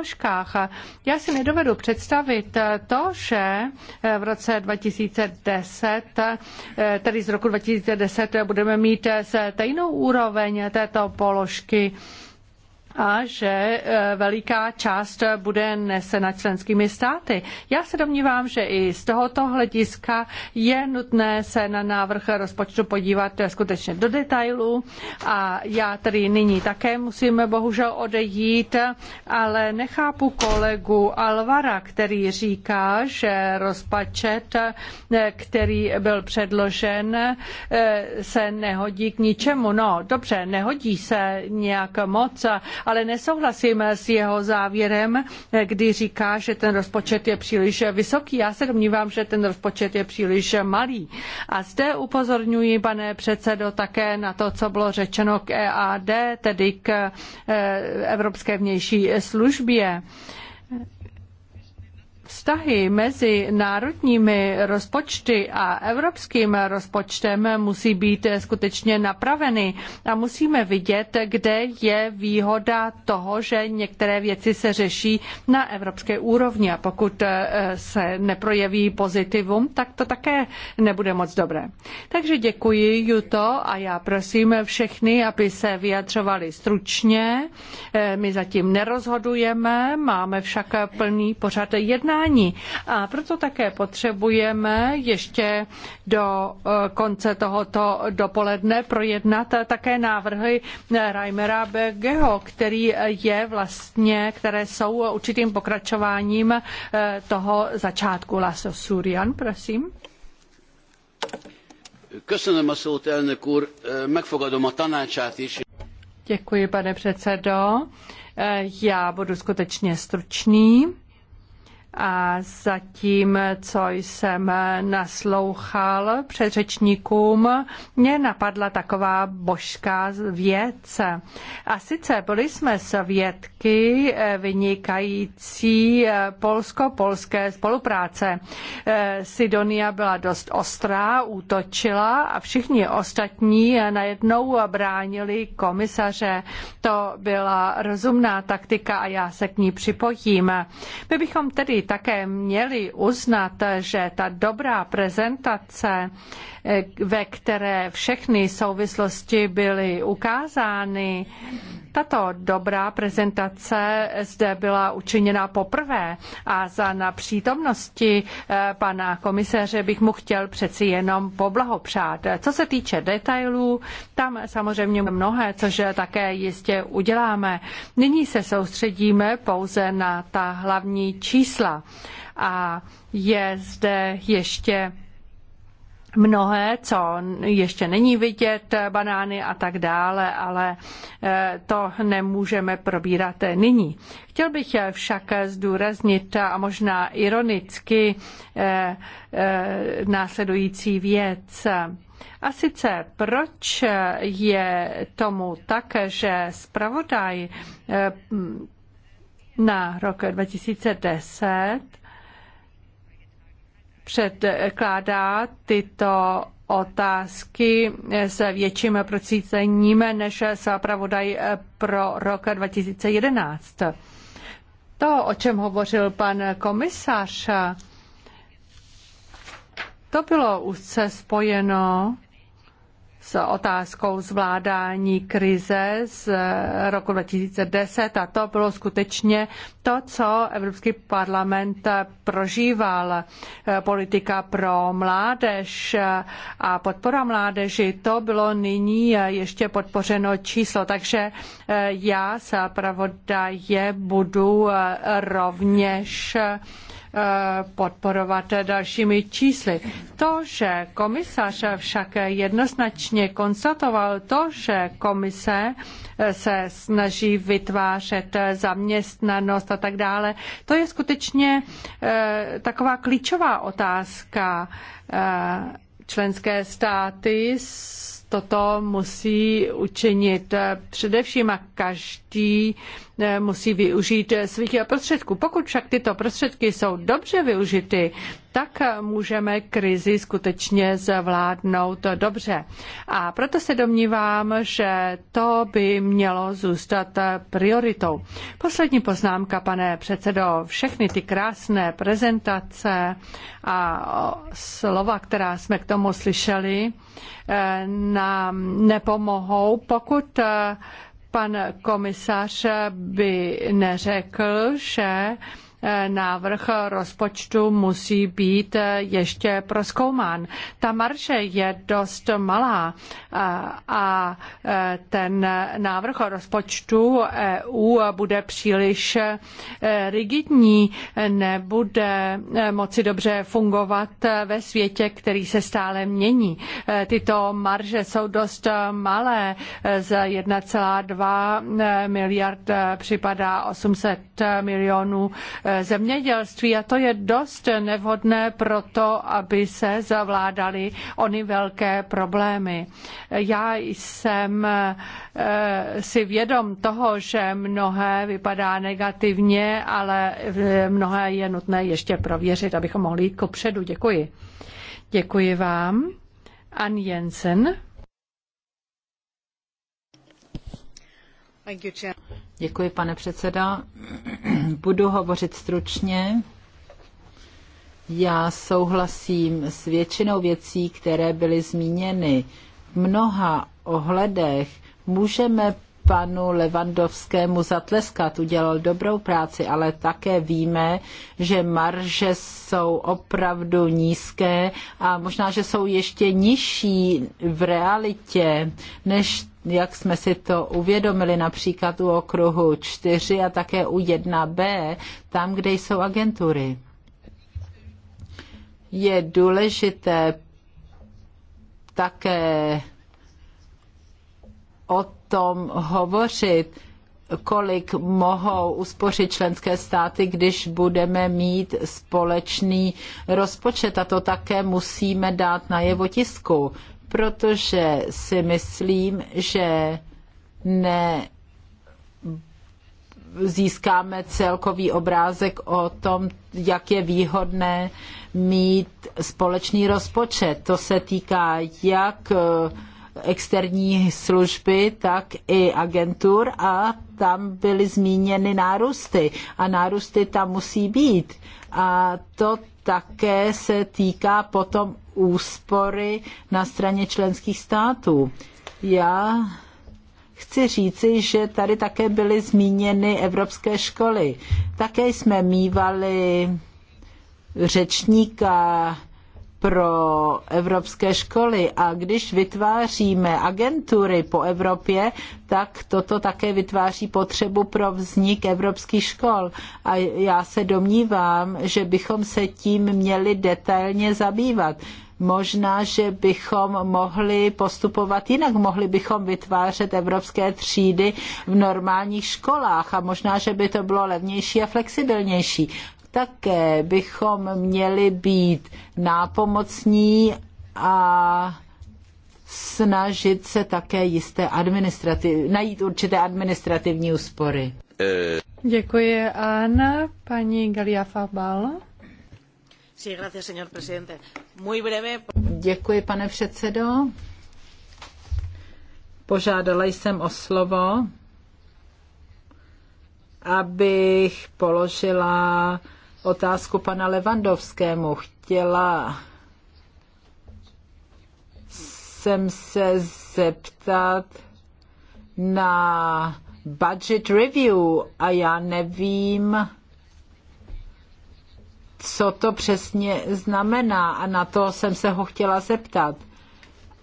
složkách. Já si nedovedu představit to, že eh, v roce 2010, eh, tedy z roku 2010, budeme mít eh, stejnou úroveň této položky a že e, veliká část bude nesena členskými státy. Já se domnívám, že i z tohoto hlediska je nutné se na návrh rozpočtu podívat skutečně do detailů a já tedy nyní také musím bohužel odejít, ale nechápu kolegu Alvara, který říká, že rozpočet, e, který byl předložen, e, se nehodí k ničemu. No, dobře, nehodí se nějak moc, ale nesouhlasím s jeho závěrem, kdy říká, že ten rozpočet je příliš vysoký. Já se domnívám, že ten rozpočet je příliš malý. A zde upozorňuji, pane předsedo, také na to, co bylo řečeno k EAD, tedy k eh, Evropské vnější službě Vztahy mezi národními rozpočty a evropským rozpočtem musí být skutečně napraveny a musíme vidět, kde je výhoda toho, že některé věci se řeší na evropské úrovni a pokud eh, se neprojeví pozitivum, tak to také nebude moc dobré. Takže děkuji Juto a já prosím všechny, aby se vyjadřovali stručně. Eh, my zatím nerozhodujeme, máme však plný pořad jednání jednání. A proto také potřebujeme ještě do eh, konce tohoto dopoledne projednat také návrhy eh, Reimera Bergeho, který eh, je vlastně, které jsou určitým pokračováním toho začátku. Laso Surian, prosím. Köszönöm a szót, elnök úr. Megfogadom a tanácsát is. Děkuji, pane předsedo. Já budu skutečně stručný a zatím, co jsem naslouchal předřečníkům, mě napadla taková božská věc. A sice byli jsme svědky eh, vynikající eh, polsko-polské spolupráce. Eh, Sidonia byla dost ostrá, útočila a všichni ostatní najednou bránili komisaře. To byla rozumná taktika a já se k ní připojím. My bychom tedy také měli uznat, že ta dobrá prezentace, eh, ve které všechny souvislosti byly ukázány, tato dobrá prezentace zde byla učiněna poprvé a za na přítomnosti eh, pana komisaře bych mu chtěl přeci jenom poblahopřát. Co se týče detailů, tam samozřejmě mnohé, což také jistě uděláme. Nyní se soustředíme pouze na ta hlavní čísla a je zde ještě mnohé, co ještě není vidět, banány a tak dále, ale eh, to nemůžeme probírat nyní. Chtěl bych však zdůraznit a možná ironicky eh, eh, následující věc. A sice proč je tomu tak, že zpravodaj na rok 2010 předkládá tyto otázky s větším procícením než zpravodaj pro rok 2011. To, o čem hovořil pan komisař, to bylo úzce spojeno s otázkou zvládání krize z roku 2010 a to bylo skutečně to, co Evropský parlament prožíval. Politika pro mládež a podpora mládeži, to bylo nyní ještě podpořeno číslo, takže já se pravodaje budu rovněž Eh, podporovat dalšími čísly. To, že komisař však jednoznačně konstatoval to, že komise se snaží vytvářet zaměstnanost a tak dále, to je skutečně eh, taková klíčová otázka. Eh, členské státy toto musí učinit především a každý eh, musí využít svých prostředků. Pokud však tyto prostředky jsou dobře využity, tak můžeme krizi skutečně zvládnout dobře. A proto se domnívám, že to by mělo zůstat prioritou. Poslední poznámka, pane předsedo. Všechny ty krásné prezentace a slova, která jsme k tomu slyšeli, nám nepomohou, pokud pan komisař by neřekl, že návrh rozpočtu musí být ještě proskoumán. Ta marže je dost malá a e, ten návrh rozpočtu EU bude příliš e, rigidní, nebude e, moci dobře fungovat ve světě, který se stále mění. Tyto marže jsou dost malé, z 1,2 miliard připadá 800 milionů zemědělství a to je dost nevhodné pro to, aby se zavládaly ony velké problémy. Já jsem eh, si vědom toho, že mnohé vypadá negativně, ale eh, mnohé je nutné ještě prověřit, abychom mohli jít kopředu. Děkuji. Děkuji vám. Ann Jensen. Děkuji, pane předseda. Budu hovořit stručně. Já souhlasím s většinou věcí, které byly zmíněny. V mnoha ohledech můžeme panu Levandovskému zatleskat, udělal dobrou práci, ale také víme, že marže jsou opravdu nízké a možná, že jsou ještě nižší v realitě, než jak jsme si to uvědomili například u okruhu 4 a také u 1b, tam, kde jsou agentury. Je důležité také o tom hovořit, kolik mohou uspořit členské státy, když budeme mít společný rozpočet. A to také musíme dát najevo tisku protože si myslím, že ne získáme celkový obrázek o tom, jak je výhodné mít společný rozpočet. To se týká jak eh, externí služby, tak i agentur a tam byly zmíněny nárůsty a nárůsty tam musí být. A to také se týká potom úspory na straně členských států. Já chci říci, že tady také byly zmíněny evropské školy. Také jsme mývali řečníka pro evropské školy a když vytváříme agentury po Evropě, tak toto také vytváří potřebu pro vznik evropských škol. A já se domnívám, že bychom se tím měli detailně zabývat možná, že bychom mohli postupovat jinak. Mohli bychom vytvářet evropské třídy v normálních školách a možná, že by to bylo levnější a flexibilnější. Také bychom měli být nápomocní a snažit se také jisté administrativ, najít určité administrativní úspory. Eh. Děkuji, Anna. Paní Galia Fabal. Děkuji, pane předsedo. Požádala jsem o slovo, abych položila otázku pana Levandovskému. Chtěla jsem se zeptat na budget review a já nevím, co to přesně znamená a na to jsem se ho chtěla zeptat.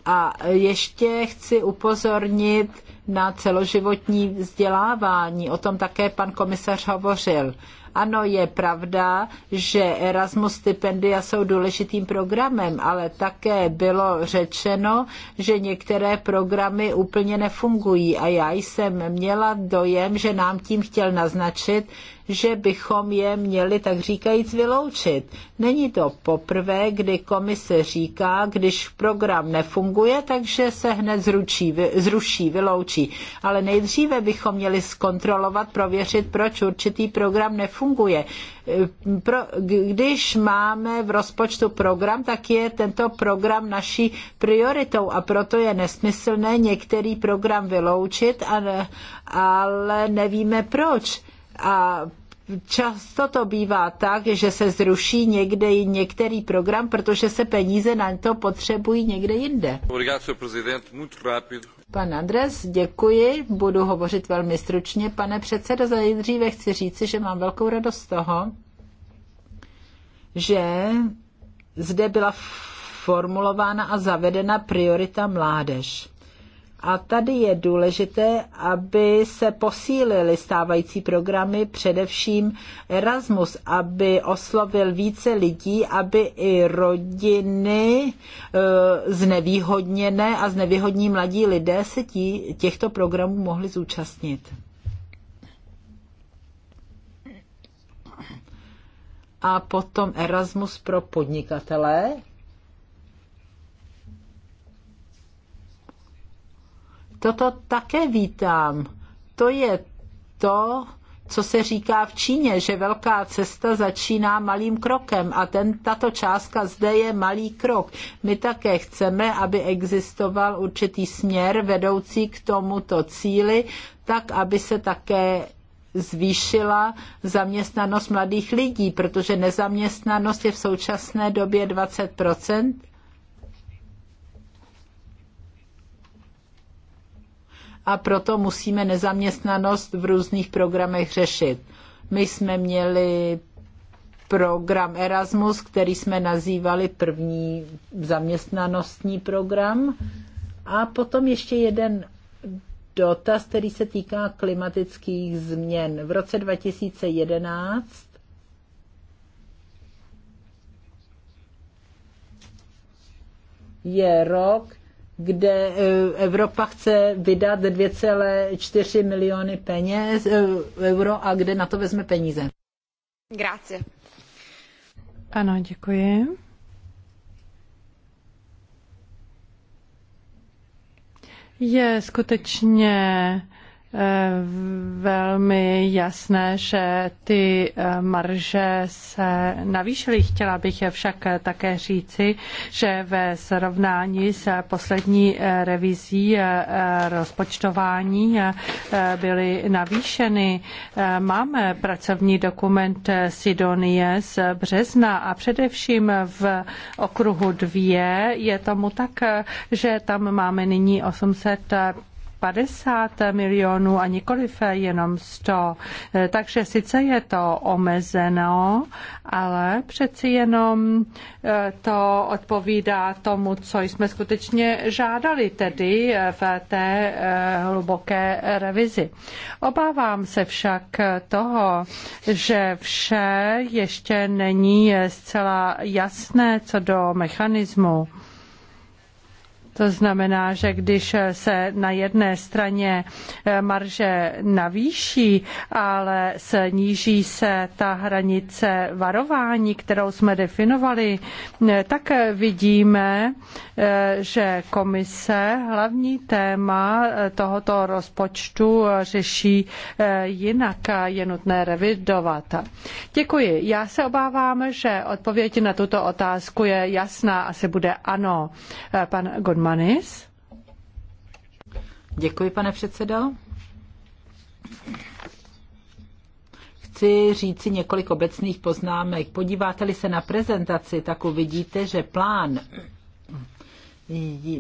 A ještě chci upozornit na celoživotní vzdělávání. O tom také pan komisař hovořil. Ano, je pravda, že Erasmus stipendia jsou důležitým programem, ale také bylo řečeno, že některé programy úplně nefungují a já jsem měla dojem, že nám tím chtěl naznačit, že bychom je měli tak říkajíc vyloučit. Není to poprvé, kdy komise říká, když program nefunguje, takže se hned zručí, zruší, vyloučí. Ale nejdříve bychom měli zkontrolovat, prověřit, proč určitý program nefunguje. E, pro, když máme v rozpočtu program, tak je tento program naší prioritou a proto je nesmyslné některý program vyloučit, ale nevíme proč a často to bývá tak, že se zruší někde některý program, protože se peníze na to potřebují někde jinde. Pan Andres, děkuji. Budu hovořit velmi stručně. Pane předsedo, za nejdříve chci říci, že mám velkou radost z toho, že zde byla formulována a zavedena priorita mládež. A tady je důležité, aby se posílily stávající programy, především Erasmus, aby oslovil více lidí, aby i rodiny eh, znevýhodněné a znevýhodní mladí lidé se tí, těchto programů mohli zúčastnit. A potom Erasmus pro podnikatele, Toto také vítám. To je to, co se říká v Číně, že velká cesta začíná malým krokem a ten, tato částka zde je malý krok. My také chceme, aby existoval určitý směr vedoucí k tomuto cíli, tak aby se také zvýšila zaměstnanost mladých lidí, protože nezaměstnanost je v současné době 20 a proto musíme nezaměstnanost v různých programech řešit. My jsme měli program Erasmus, který jsme nazývali první zaměstnanostní program. A potom ještě jeden dotaz, který se týká klimatických změn. V roce 2011 je rok, kde e, Evropa chce vydat 2,4 miliony peněz, e, euro a kde na to vezme peníze. Grácie. Ano, děkuji. Je skutečně Eh, velmi jasné, že ty eh, marže se navýšily. Chtěla bych je však eh, také říci, že ve srovnání s poslední revizí rozpočtování byly navýšeny. Máme pracovní dokument Sidonie z března a především v okruhu dvě je tomu tak, že tam máme nyní 800 50 milionů a nikoliv jenom 100. Takže sice je to omezeno, ale přeci jenom eh, to odpovídá tomu, co jsme skutečně žádali, tedy eh, v té eh, hluboké revizi. Obávám se však toho, že vše ještě není zcela jasné co do mechanismu. To znamená, že když se na jedné straně eh, marže navýší, ale sníží se ta hranice varování, kterou jsme definovali, eh, tak vidíme, eh, že komise hlavní téma tohoto rozpočtu řeší jinak a je nutné revidovat. Děkuji. Já se obávám, že odpověď na tuto otázku je jasná, asi bude ano. Pan Godman Děkuji, pane předsedo. Chci říci několik obecných poznámek. Podíváte-li se na prezentaci, tak uvidíte, že plán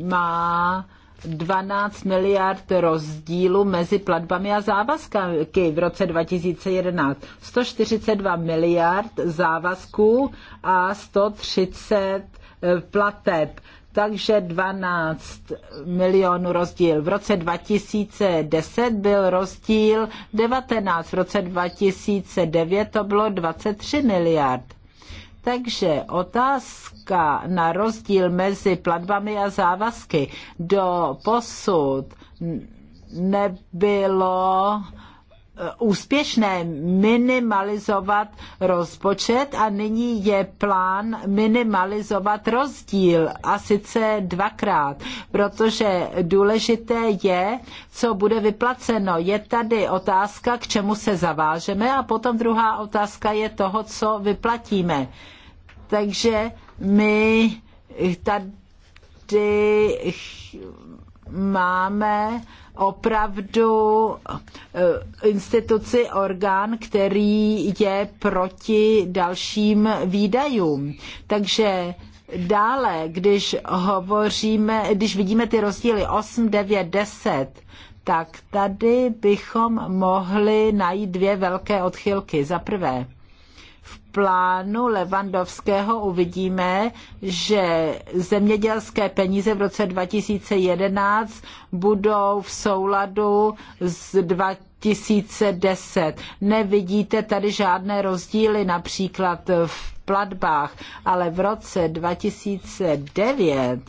má 12 miliard rozdílu mezi platbami a závazky v roce 2011. 142 miliard závazků a 130 plateb takže 12 milionů rozdíl. V roce 2010 byl rozdíl 19, v roce 2009 to bylo 23 miliard. Takže otázka na rozdíl mezi platbami a závazky do posud nebylo Eh, úspěšné minimalizovat rozpočet a nyní je plán minimalizovat rozdíl a sice dvakrát, protože důležité je, co bude vyplaceno. Je tady otázka, k čemu se zavážeme a potom druhá otázka je toho, co vyplatíme. Takže my tady máme opravdu eh, instituci, orgán, který je proti dalším výdajům. Takže dále, když hovoříme, když vidíme ty rozdíly 8, 9, 10, tak tady bychom mohli najít dvě velké odchylky. Za prvé, plánu Levandovského uvidíme, že zemědělské peníze v roce 2011 budou v souladu s 2010. Nevidíte tady žádné rozdíly například v platbách, ale v roce 2009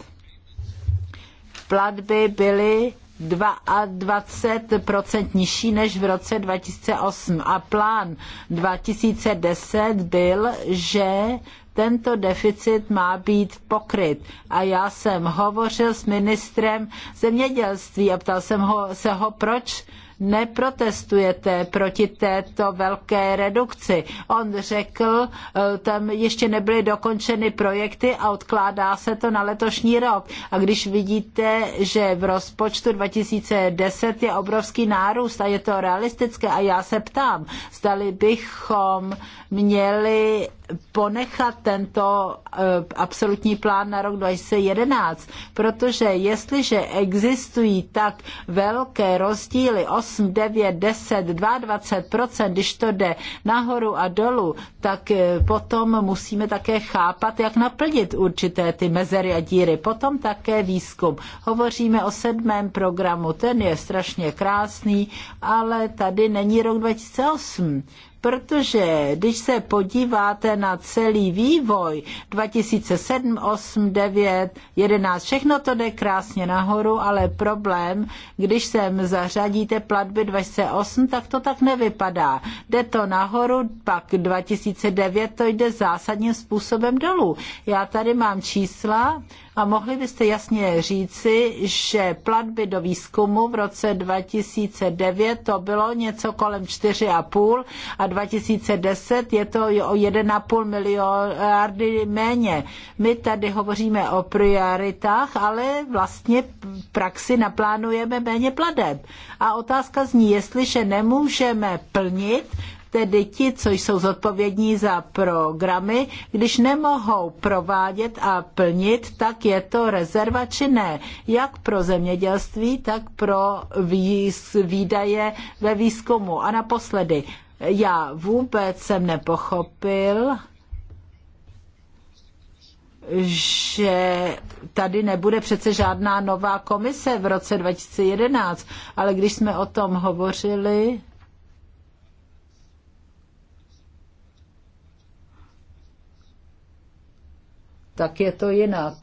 platby byly 22% nižší než v roce 2008. A plán 2010 byl, že tento deficit má být pokryt. A já jsem hovořil s ministrem zemědělství a ptal jsem ho, se ho, proč neprotestujete proti této velké redukci. On řekl, eh, tam ještě nebyly dokončeny projekty a odkládá se to na letošní rok. A když vidíte, že v rozpočtu 2010 je obrovský nárůst a je to realistické a já se ptám, zdali bychom měli ponechat tento eh, absolutní plán na rok 2011, protože jestliže existují tak velké rozdíly 8, 9, 10, 22%, když to jde nahoru a dolů, tak eh, potom musíme také chápat, jak naplnit určité ty mezery a díry. Potom také výzkum. Hovoříme o sedmém programu, ten je strašně krásný, ale tady není rok 2008 protože když se podíváte na celý vývoj 2007, 8, 9, 11, všechno to jde krásně nahoru, ale problém, když sem zařadíte platby 2008, tak to tak nevypadá. Jde to nahoru, pak 2009 to jde zásadním způsobem dolů. Já tady mám čísla, a mohli byste jasně říci, že platby do výzkumu v roce 2009 to bylo něco kolem 4,5 a 2010 je to o 1,5 miliardy méně. My tady hovoříme o prioritách, ale vlastně v praxi naplánujeme méně plateb. A otázka zní, jestliže nemůžeme plnit, tedy ti, co jsou zodpovědní za programy, když nemohou provádět a plnit, tak je to rezerva či ne, jak pro zemědělství, tak pro výdaje ve výzkumu. A naposledy, já vůbec jsem nepochopil, že tady nebude přece žádná nová komise v roce 2011, ale když jsme o tom hovořili, tak je to jinak.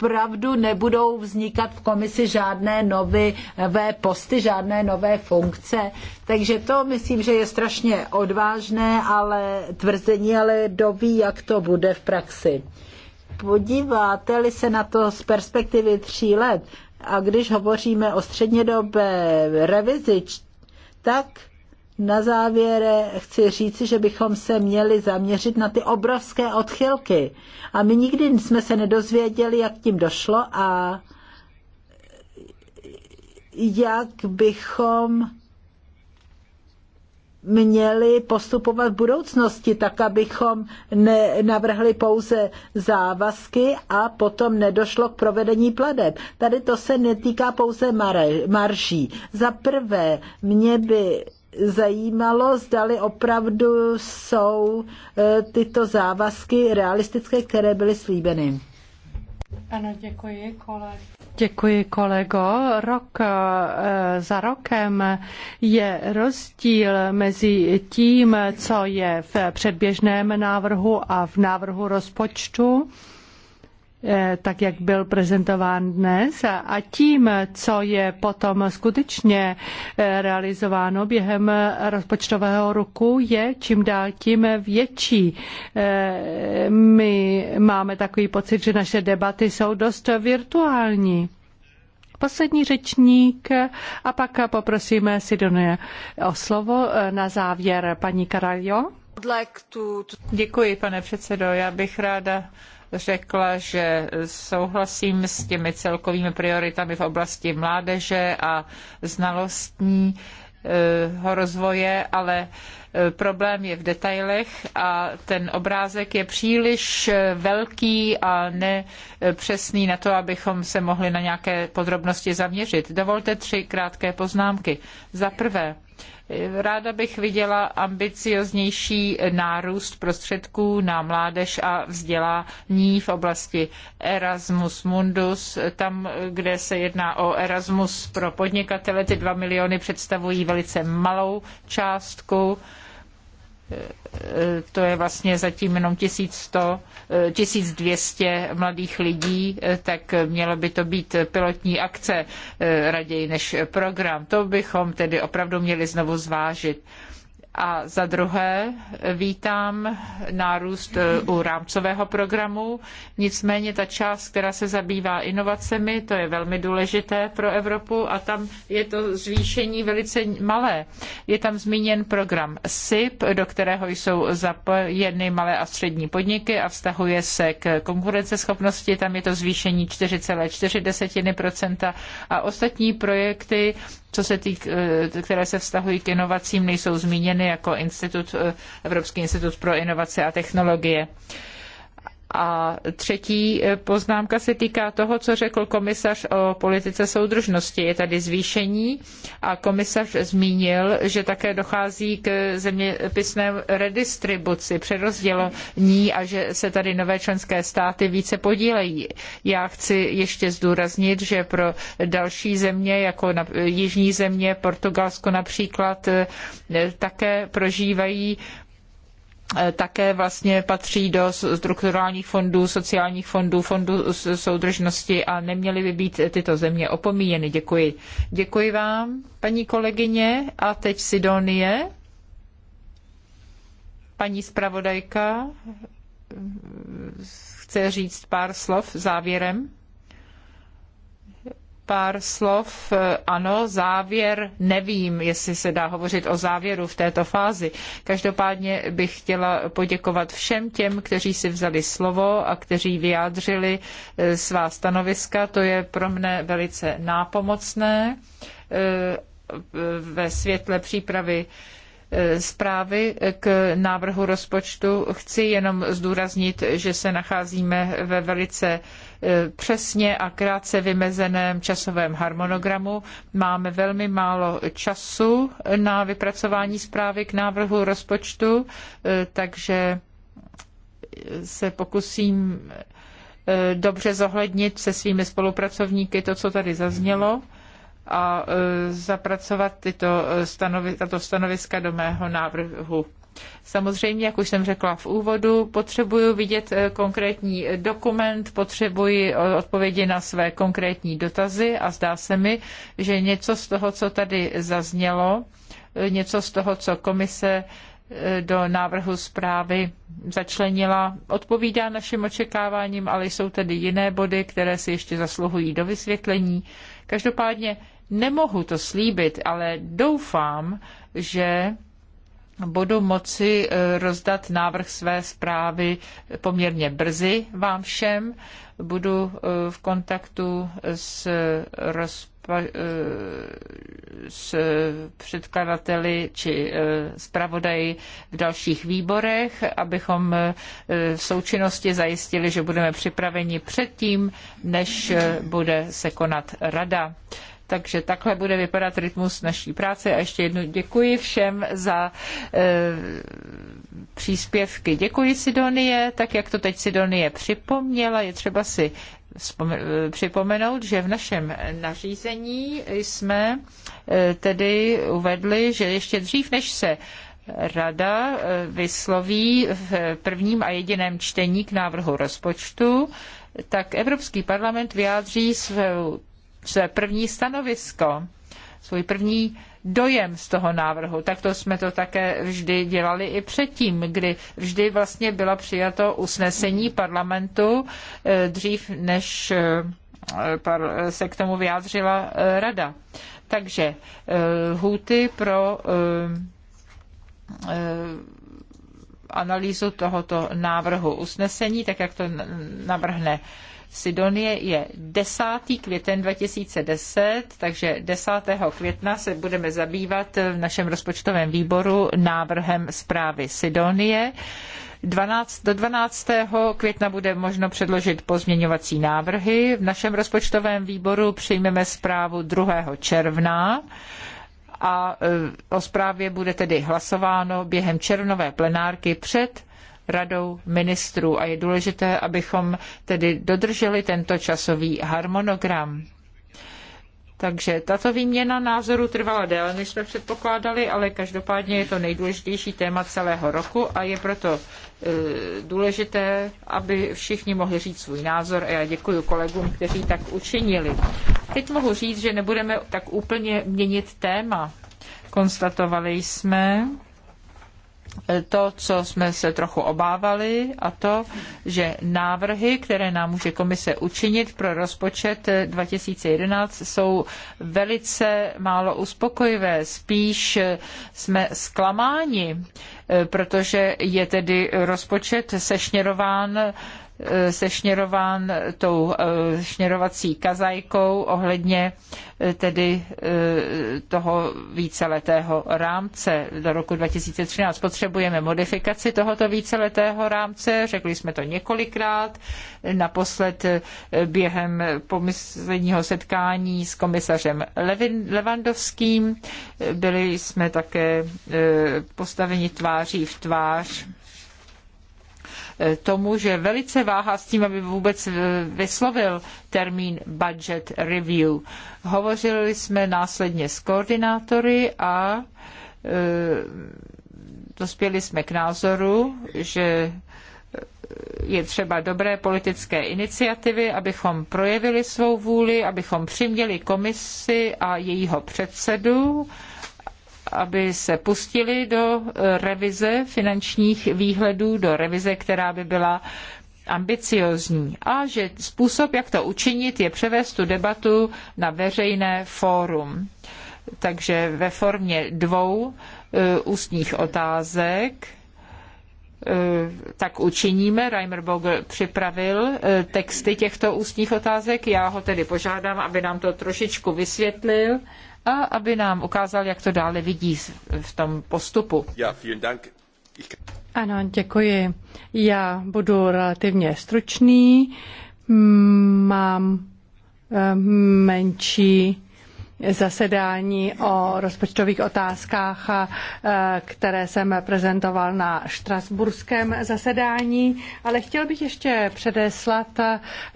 Opravdu nebudou vznikat v komisi žádné nové posty, žádné nové funkce. Takže to myslím, že je strašně odvážné ale tvrzení, ale doví, jak to bude v praxi. Podíváte-li se na to z perspektivy tří let, a když hovoříme o střednědobé revizi, tak na závěr chci říci, že bychom se měli zaměřit na ty obrovské odchylky. A my nikdy jsme se nedozvěděli, jak tím došlo a jak bychom měli postupovat v budoucnosti, tak abychom ne, navrhli pouze závazky a potom nedošlo k provedení pladeb. Tady to se netýká pouze marží. Za prvé, mě by zajímalo, zdali opravdu jsou e, tyto závazky realistické, které byly slíbeny. Ano, děkuji, kolego. Děkuji, kolego. Rok e, za rokem je rozdíl mezi tím, co je v předběžném návrhu a v návrhu rozpočtu Eh, tak jak byl prezentován dnes a tím, co je potom skutečně eh, realizováno během rozpočtového roku, je čím dál tím větší. Eh, my máme takový pocit, že naše debaty jsou dost virtuální poslední řečník a pak poprosíme Sidonie o slovo na závěr paní Karaljo. Děkuji, pane předsedo. Já bych ráda řekla, že souhlasím s těmi celkovými prioritami v oblasti mládeže a znalostního eh, rozvoje, ale eh, problém je v detailech a ten obrázek je příliš eh, velký a nepřesný na to, abychom se mohli na nějaké podrobnosti zaměřit. Dovolte tři krátké poznámky. Za prvé, Ráda bych viděla ambicioznější nárůst prostředků na mládež a vzdělání v oblasti Erasmus Mundus. Tam, kde se jedná o Erasmus pro podnikatele, ty 2 miliony představují velice malou částku to je vlastně zatím jenom 1100, 1200 eh, mladých lidí, eh, tak mělo by to být pilotní akce eh, raději než program. To bychom tedy opravdu měli znovu zvážit. A za druhé vítám nárůst e, u rámcového programu, nicméně ta část, která se zabývá inovacemi, to je velmi důležité pro Evropu a tam je to zvýšení velice malé. Je tam zmíněn program SIP, do kterého jsou zapojeny malé a střední podniky a vztahuje se k konkurenceschopnosti, tam je to zvýšení 4,4% a ostatní projekty co se týk, eh, které se vztahují k inovacím, nejsou zmíněny jako institut, eh, Evropský institut pro inovace a technologie. A třetí eh, poznámka se týká toho, co řekl komisař o politice soudržnosti. Je tady zvýšení a komisař zmínil, že také dochází k zeměpisné redistribuci, přerozdělení a že se tady nové členské státy více podílejí. Já chci ještě zdůraznit, že pro další země, jako na, jižní země, Portugalsko například, eh, také prožívají Eh, také vlastně patří do strukturálních fondů, sociálních fondů, fondů soudržnosti a neměly by být tyto země opomíjeny. Děkuji. Děkuji vám, paní kolegyně. A teď Sidonie. Paní zpravodajka eh, chce říct pár slov závěrem pár slov. Eh, ano, závěr nevím, jestli se dá hovořit o závěru v této fázi. Každopádně bych chtěla poděkovat všem těm, kteří si vzali slovo a kteří vyjádřili eh, svá stanoviska. To je pro mne velice nápomocné eh, ve světle přípravy zprávy k návrhu rozpočtu. Chci jenom zdůraznit, že se nacházíme ve velice E, přesně a krátce vymezeném časovém harmonogramu. Máme velmi málo času na vypracování zprávy k návrhu rozpočtu, e, takže se pokusím e, dobře zohlednit se svými spolupracovníky to, co tady zaznělo a zapracovat tyto stanovi, tato stanoviska do mého návrhu Samozřejmě, jak už jsem řekla v úvodu, potřebuji vidět eh, konkrétní eh, dokument, potřebuji eh, odpovědi na své konkrétní dotazy a zdá se mi, že něco z toho, co tady zaznělo, něco z toho, co komise do návrhu zprávy začlenila, odpovídá našim očekáváním, ale jsou tedy jiné body, které si ještě zasluhují do vysvětlení. Každopádně nemohu to slíbit, ale doufám, že budu moci eh, rozdat návrh své zprávy poměrně brzy vám všem. Budu eh, v kontaktu s, rozpa, eh, s předkladateli či zpravodaji v dalších výborech, abychom v součinnosti zajistili, že budeme připraveni předtím, než bude se konat rada. Takže takhle bude vypadat rytmus naší práce a ještě jednou děkuji všem za e, příspěvky. Děkuji Sidonie, tak jak to teď Sidonie připomněla, je třeba si eh, připomenout, že v našem nařízení jsme eh, tedy uvedli, že ještě dřív, než se rada vysloví v prvním a jediném čtení k návrhu rozpočtu, tak Evropský parlament vyjádří svou své první stanovisko, svůj první dojem z toho návrhu. Takto jsme to také vždy dělali i předtím, kdy vždy vlastně bylo přijato usnesení parlamentu eh, dřív, než eh, se k tomu vyjádřila eh, rada. Takže hůty pro analýzu tohoto návrhu usnesení, tak jak to navrhne Sidonie je 10. květen 2010, takže 10. května se budeme zabývat v našem rozpočtovém výboru návrhem zprávy Sidonie. 12, do 12. května bude možno předložit pozměňovací návrhy. V našem rozpočtovém výboru přijmeme zprávu 2. června a e, o zprávě bude tedy hlasováno během červnové plenárky před radou ministrů a je důležité, abychom tedy dodrželi tento časový harmonogram. Takže tato výměna názoru trvala déle, než jsme předpokládali, ale každopádně je to nejdůležitější téma celého roku a je proto e, důležité, aby všichni mohli říct svůj názor a já děkuji kolegům, kteří tak učinili. Teď mohu říct, že nebudeme tak úplně měnit téma. Konstatovali jsme, to, co jsme se trochu obávali, a to, že návrhy, které nám může komise učinit pro rozpočet 2011, jsou velice málo uspokojivé. Spíš jsme zklamáni, eh, protože je tedy rozpočet sešněrován Eh, sešněrován tou eh, šněrovací kazajkou ohledně eh, tedy toho víceletého rámce do roku 2013. Potřebujeme modifikaci tohoto víceletého rámce, řekli jsme to několikrát, naposled během pomyslního setkání s komisařem Levandovským. Byli jsme také postaveni tváří v tvář tomu, že velice váhá s tím, aby vůbec eh, vyslovil termín budget review. Hovořili jsme následně s koordinátory a eh, dospěli jsme k názoru, že eh, je třeba dobré politické iniciativy, abychom projevili svou vůli, abychom přiměli komisi a jejího předsedu aby se pustili do revize finančních výhledů, do revize, která by byla ambiciózní a že způsob, jak to učinit, je převést tu debatu na veřejné fórum. Takže ve formě dvou e, ústních otázek e, tak učiníme. Reimer Bogel připravil e, texty těchto ústních otázek. Já ho tedy požádám, aby nám to trošičku vysvětlil a aby nám ukázal, jak to dále vidí v tom postupu. Dank. Ano, děkuji. Já budu relativně stručný. Mám eh, menší zasedání o rozpočtových otázkách, eh, které jsem prezentoval na štrasburském zasedání, ale chtěl bych ještě předeslat,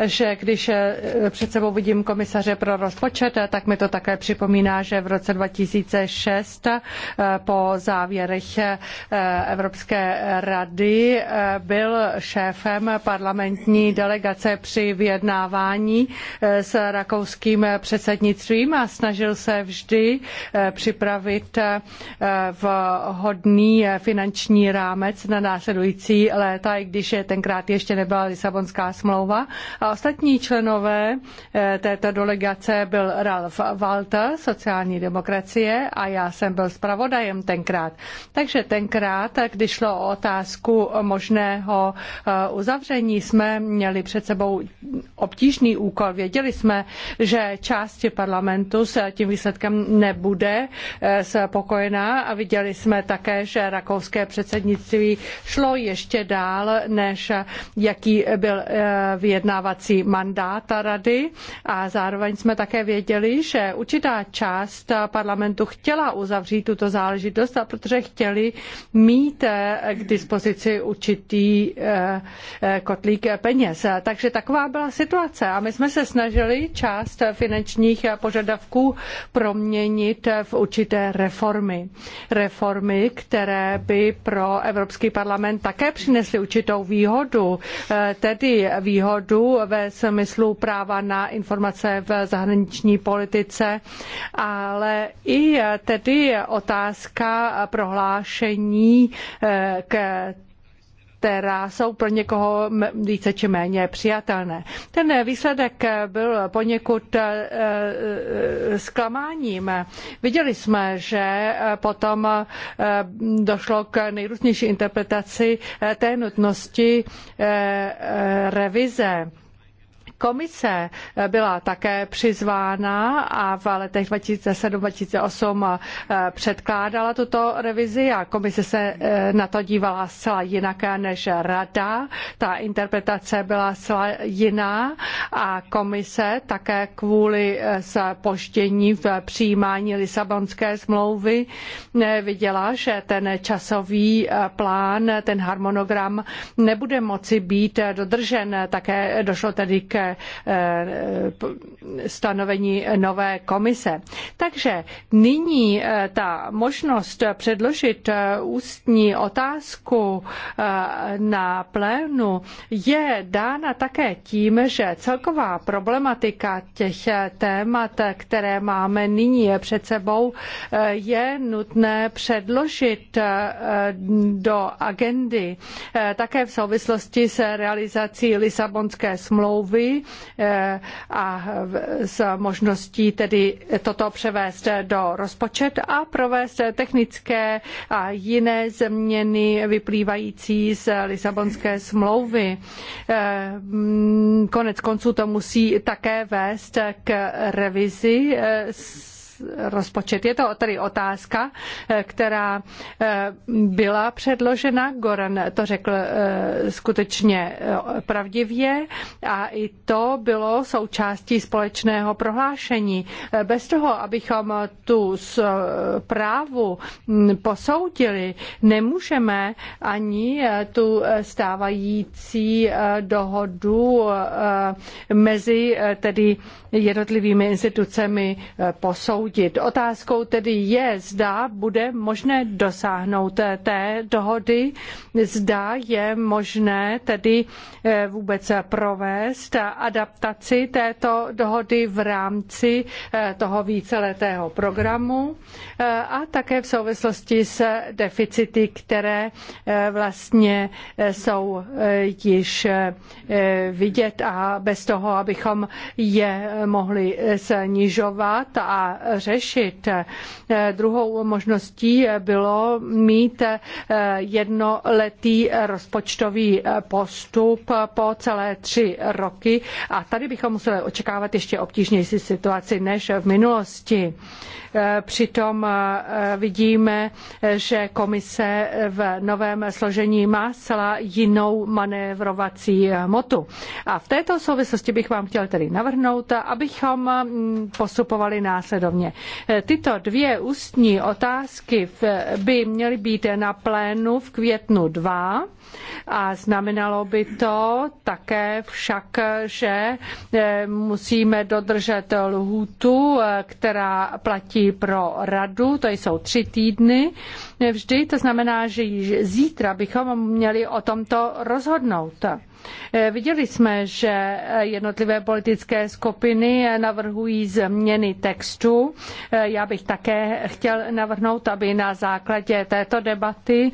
že když eh, před sebou vidím komisaře pro rozpočet, eh, tak mi to také připomíná, že v roce 2006 po závěrech Evropské rady byl šéfem parlamentní delegace při vyjednávání s rakouským předsednictvím a snažil snažil se vždy eh, připravit eh, vhodný eh, finanční rámec na následující léta, i když je tenkrát ještě nebyla Lisabonská smlouva. A ostatní členové této delegace byl Ralf Walter, sociální demokracie, a já jsem byl zpravodajem tenkrát. Takže tenkrát, když šlo o otázku možného uzavření, jsme měli před sebou obtížný úkol. Věděli jsme, že části parlamentu se tím výsledkem nebude eh, spokojená a viděli jsme také, že rakouské předsednictví šlo ještě dál, než jaký byl eh, vyjednávací mandát rady a zároveň jsme také věděli, že určitá část parlamentu chtěla uzavřít tuto záležitost a protože chtěli mít eh, k dispozici určitý kotlík peněz. Takže taková byla situace a my jsme se snažili část finančních požadavků proměnit v určité reformy. Reformy, které by pro Evropský parlament také přinesly určitou výhodu, eh, tedy výhodu ve smyslu práva na informace v zahraniční politice, ale i tedy otázka prohlášení eh, k která jsou pro někoho více či méně přijatelné. Ten výsledek byl poněkud eh, eh, zklamáním. Viděli jsme, že eh, potom došlo k nejrůznější interpretaci té nutnosti revize Komise byla také přizvána a v letech 2007-2008 eh, předkládala tuto revizi a komise se eh, na to dívala zcela jinak než rada. Ta interpretace byla zcela jiná a komise také kvůli eh, zpoždění v přijímání Lisabonské smlouvy viděla, že ten časový plán, ten harmonogram nebude moci být dodržen. Také došlo tedy ke Eh, eh, stanovení nové komise. Takže nyní eh, ta možnost předložit ústní otázku na plénu je dána také tím, že celková problematika těch témat, které máme nyní před sebou, je nutné předložit do agendy také v souvislosti s realizací Lisabonské smlouvy Eh, a s možností tedy toto převést do rozpočet a provést technické a jiné změny vyplývající z Lisabonské smlouvy. Eh, konec konců to musí také vést k revizi eh, s rozpočet. Je to tedy otázka, eh, která eh, byla předložena. Goran to řekl eh, skutečně pravdivě a i to bylo součástí společného prohlášení. Bez toho, abychom tu zprávu mm, posoudili, nemůžeme ani tu stávající dohodu mezi tedy jednotlivými institucemi posoudit soudit. Otázkou tedy je, zda bude možné dosáhnout té dohody, zda je možné tedy eh, vůbec provést adaptaci této dohody v rámci eh, toho víceletého programu eh, a také v souvislosti s deficity, které vlastně jsou již vidět a bez toho, abychom je mohli snižovat a řešit. Druhou možností bylo mít eh, jednoletý rozpočtový eh, postup po celé tři roky a tady bychom museli očekávat ještě obtížnější situaci než v minulosti. Přitom eh, vidíme, že komise v novém složení má zcela jinou manévrovací hmotu. Eh, A v této souvislosti bych vám chtěl tedy navrhnout, abychom mm, postupovali následovně. Eh, tyto dvě ústní otázky by měly být na plénu v květnu 2 a znamenalo by to také však, že eh, musíme dodržet lhůtu, eh, která platí pro radu, to jsou tři týdny eh, vždy, to znamená, že již zítra bychom měli o tomto rozhodnout. Eh, viděli jsme, že eh, jednotlivé politické skupiny eh, navrhují změny textu. Já bych také chtěl navrhnout, aby na základě této debaty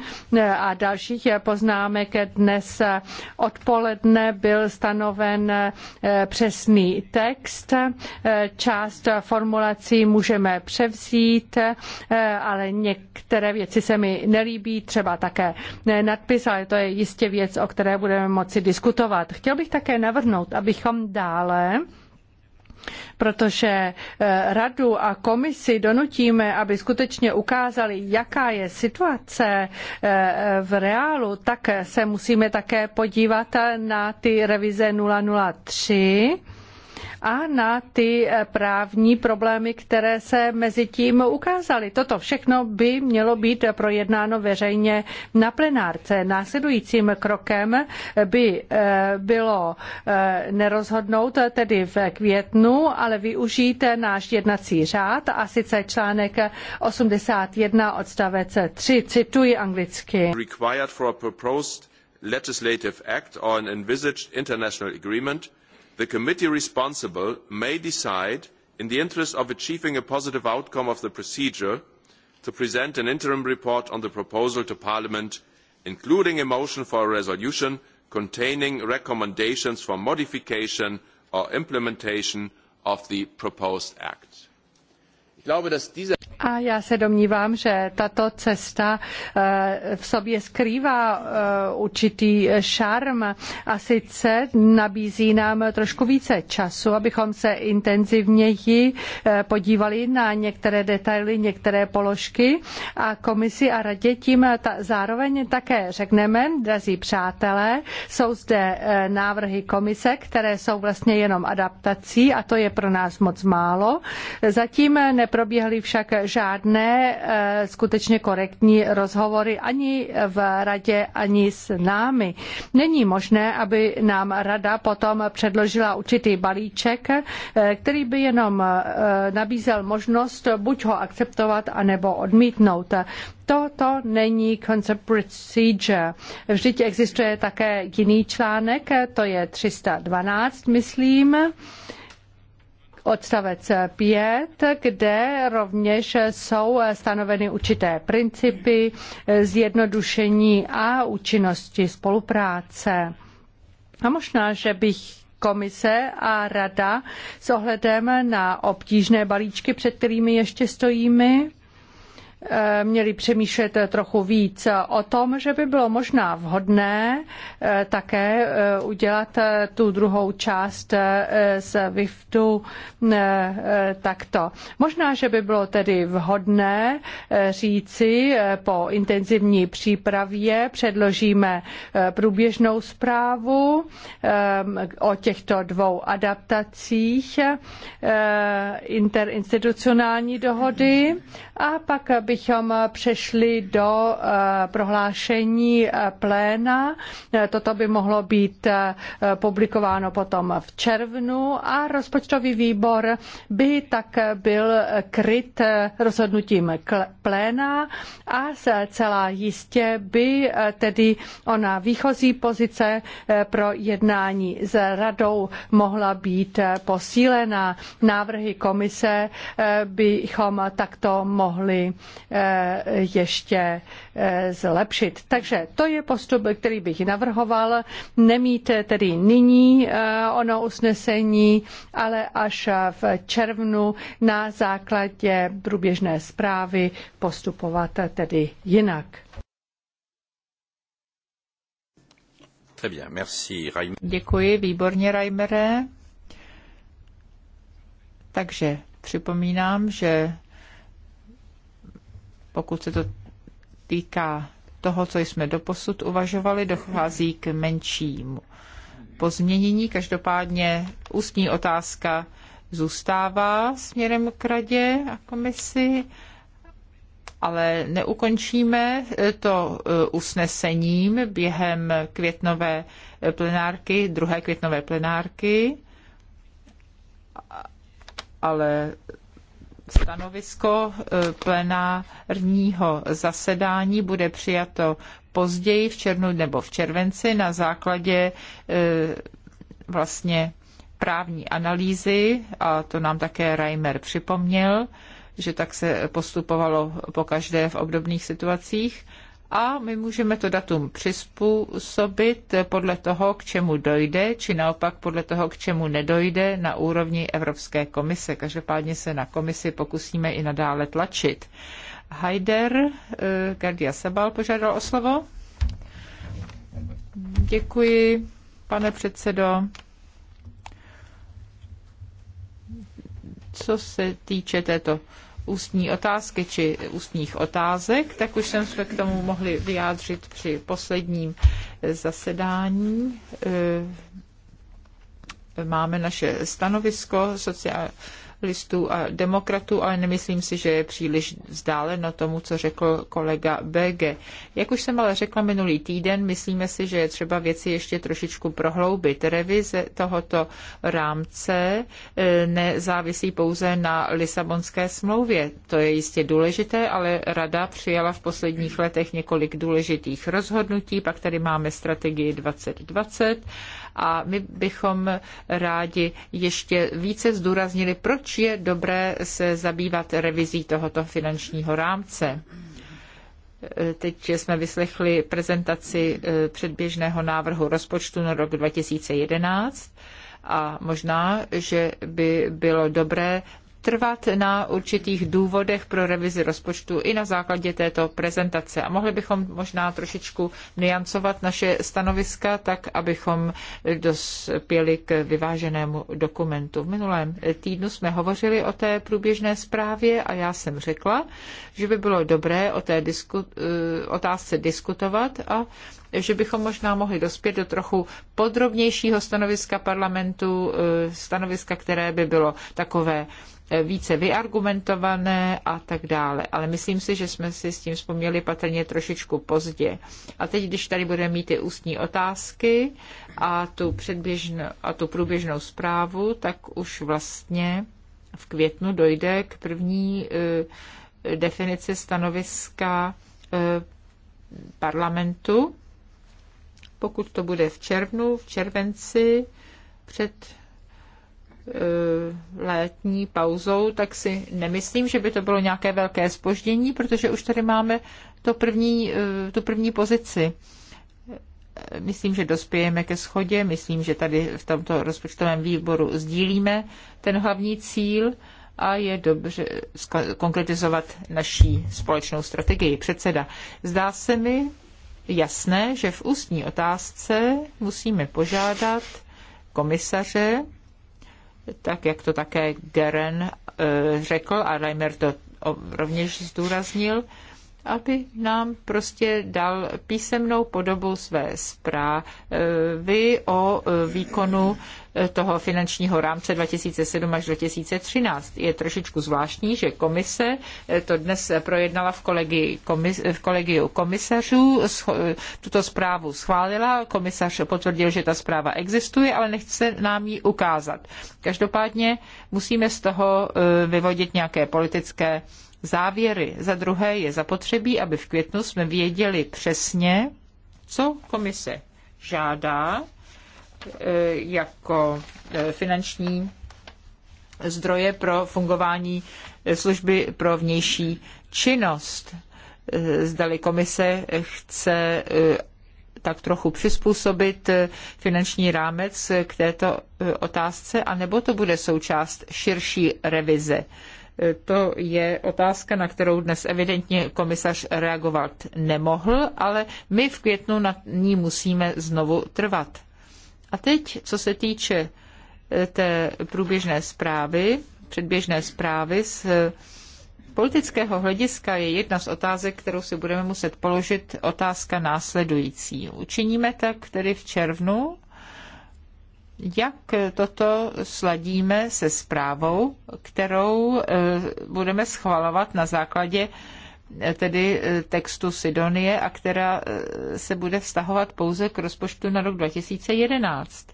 a dalších poznámek dnes odpoledne byl stanoven přesný text. Část formulací můžeme převzít, ale některé věci se mi nelíbí, třeba také nadpis, ale to je jistě věc, o které budeme moci diskutovat diskutovat. Chtěl bych také navrhnout, abychom dále protože eh, radu a komisi donutíme, aby skutečně ukázali, jaká je situace eh, v reálu, tak se musíme také podívat na ty revize 003 a na ty eh, právní problémy, které se mezi tím ukázaly. Toto všechno by mělo být projednáno veřejně na plenárce. Následujícím krokem by eh, bylo eh, nerozhodnout tedy v květnu, ale využít náš jednací řád a sice článek 81 odstavec 3, cituji anglicky. Required for a proposed legislative act or an envisaged international agreement the committee responsible may decide in the interest of achieving a positive outcome of the procedure to present an interim report on the proposal to parliament including a motion for a resolution containing recommendations for modification or implementation of the proposed act. ich glaube dass a já se domnívám, že tato cesta eh, v sobě skrývá eh, určitý šarm a sice nabízí nám trošku více času, abychom se intenzivněji eh, podívali na některé detaily, některé položky a komisi a radě tím ta, zároveň také řekneme, drazí přátelé, jsou zde návrhy komise, které jsou vlastně jenom adaptací a to je pro nás moc málo. Zatím neprobíhaly však žádné eh, skutečně korektní rozhovory ani v radě, ani s námi. Není možné, aby nám rada potom předložila určitý balíček, eh, který by jenom eh, nabízel možnost buď ho akceptovat, anebo odmítnout toto není concept procedure. Vždyť existuje také jiný článek, to je 312, myslím, odstavec 5, kde rovněž jsou stanoveny určité principy zjednodušení a účinnosti spolupráce. A možná, že bych komise a rada s ohledem na obtížné balíčky, před kterými ještě stojíme, Eh, měli přemýšlet trochu víc o tom, že by bylo možná vhodné eh, také eh, udělat tu druhou část z VIFTu takto. Možná, že by bylo tedy vhodné říci po intenzivní přípravě předložíme průběžnou zprávu o těchto dvou adaptacích interinstitucionální dohody a pak by abychom přešli do eh, prohlášení eh, pléna. Eh, toto by mohlo být publikováno potom v červnu a rozpočtový výbor by tak byl kryt rozhodnutím pléna a celá jistě by tedy ona výchozí pozice pro jednání s radou mohla být posílena. Návrhy komise bychom takto mohli Eh, ještě eh, zlepšit. Takže to je postup, který bych navrhoval. Nemít tedy nyní eh, ono usnesení, ale až v červnu na základě průběžné zprávy postupovat tedy jinak. Děkuji, výborně, Reimere. Takže připomínám, že pokud se to týká toho, co jsme doposud uvažovali, dochází k menšímu pozměnění. Každopádně ústní otázka zůstává směrem k radě a komisi, ale neukončíme to e, usnesením během květnové plenárky, druhé květnové plenárky, ale Stanovisko eh, plenárního zasedání bude přijato později v červnu nebo v červenci na základě eh, vlastně právní analýzy, a to nám také Reimer připomněl, že tak se postupovalo po každé v obdobných situacích a my můžeme to datum přizpůsobit podle toho, k čemu dojde, či naopak podle toho, k čemu nedojde na úrovni Evropské komise. Každopádně se na komisi pokusíme i nadále tlačit. Haider eh, Gardia Sabal požádal o slovo. Děkuji, pane předsedo. Co se týče této ústní otázky či ústních otázek, tak už jsem se k tomu mohli vyjádřit při posledním eh, zasedání. Eh, máme naše stanovisko sociální listů a demokratů, ale nemyslím si, že je příliš vzdáleno tomu, co řekl kolega BG. Jak už jsem ale řekla minulý týden, myslíme si, že je třeba věci ještě trošičku prohloubit. Revize tohoto rámce e, nezávisí pouze na Lisabonské smlouvě. To je jistě důležité, ale Rada přijala v posledních letech několik důležitých rozhodnutí. Pak tady máme strategii 2020 a my bychom rádi ještě více zdůraznili, proč je dobré se zabývat revizí tohoto finančního rámce. Teď jsme vyslechli prezentaci eh, předběžného návrhu rozpočtu na rok 2011 a možná, že by bylo dobré trvat na určitých důvodech pro revizi rozpočtu i na základě této prezentace. A mohli bychom možná trošičku niancovat naše stanoviska tak, abychom dospěli k vyváženému dokumentu. V minulém týdnu jsme hovořili o té průběžné zprávě a já jsem řekla, že by bylo dobré o té disku, eh, otázce diskutovat a že bychom možná mohli dospět do trochu podrobnějšího stanoviska parlamentu, eh, stanoviska, které by bylo takové více vyargumentované a tak dále. Ale myslím si, že jsme si s tím vzpomněli patrně trošičku pozdě. A teď, když tady budeme mít ty ústní otázky a tu, předběžnou, a tu průběžnou zprávu, tak už vlastně v květnu dojde k první e, definici stanoviska e, parlamentu. Pokud to bude v červnu, v červenci, před Eh, letní pauzou, tak si nemyslím, že by to bylo nějaké velké spoždění, protože už tady máme to první, eh, tu první pozici. Eh, myslím, že dospějeme ke schodě, myslím, že tady v tomto rozpočtovém výboru sdílíme ten hlavní cíl a je dobře konkretizovat naší společnou strategii. Předseda, zdá se mi jasné, že v ústní otázce musíme požádat komisaře, tak jak to také Geren eh, řekl a Reimer to rovněž zdůraznil, aby nám prostě dal písemnou podobu své zprávy o e, výkonu e, toho finančního rámce 2007 až 2013. Je trošičku zvláštní, že komise e, to dnes projednala v, kolegii, komis, v kolegiu komisařů, tuto zprávu schválila, komisař potvrdil, že ta zpráva existuje, ale nechce nám ji ukázat. Každopádně musíme z toho vyvodit nějaké politické závěry. Za druhé je zapotřebí, aby v květnu jsme věděli přesně, co komise žádá e, jako e, finanční zdroje pro fungování e, služby pro vnější činnost. Zdali komise chce tak trochu přizpůsobit finanční rámec k této otázce, anebo to bude součást širší revize. To je otázka, na kterou dnes evidentně komisař reagovat nemohl, ale my v květnu na ní musíme znovu trvat. A teď, co se týče eh, té průběžné zprávy, předběžné zprávy z eh, politického hlediska je jedna z otázek, kterou si budeme muset položit, otázka následující. Učiníme tak tedy v červnu jak toto sladíme se zprávou, kterou eh, budeme schvalovat na základě eh, tedy eh, textu Sidonie a která se bude vztahovat pouze k rozpočtu na rok 2011.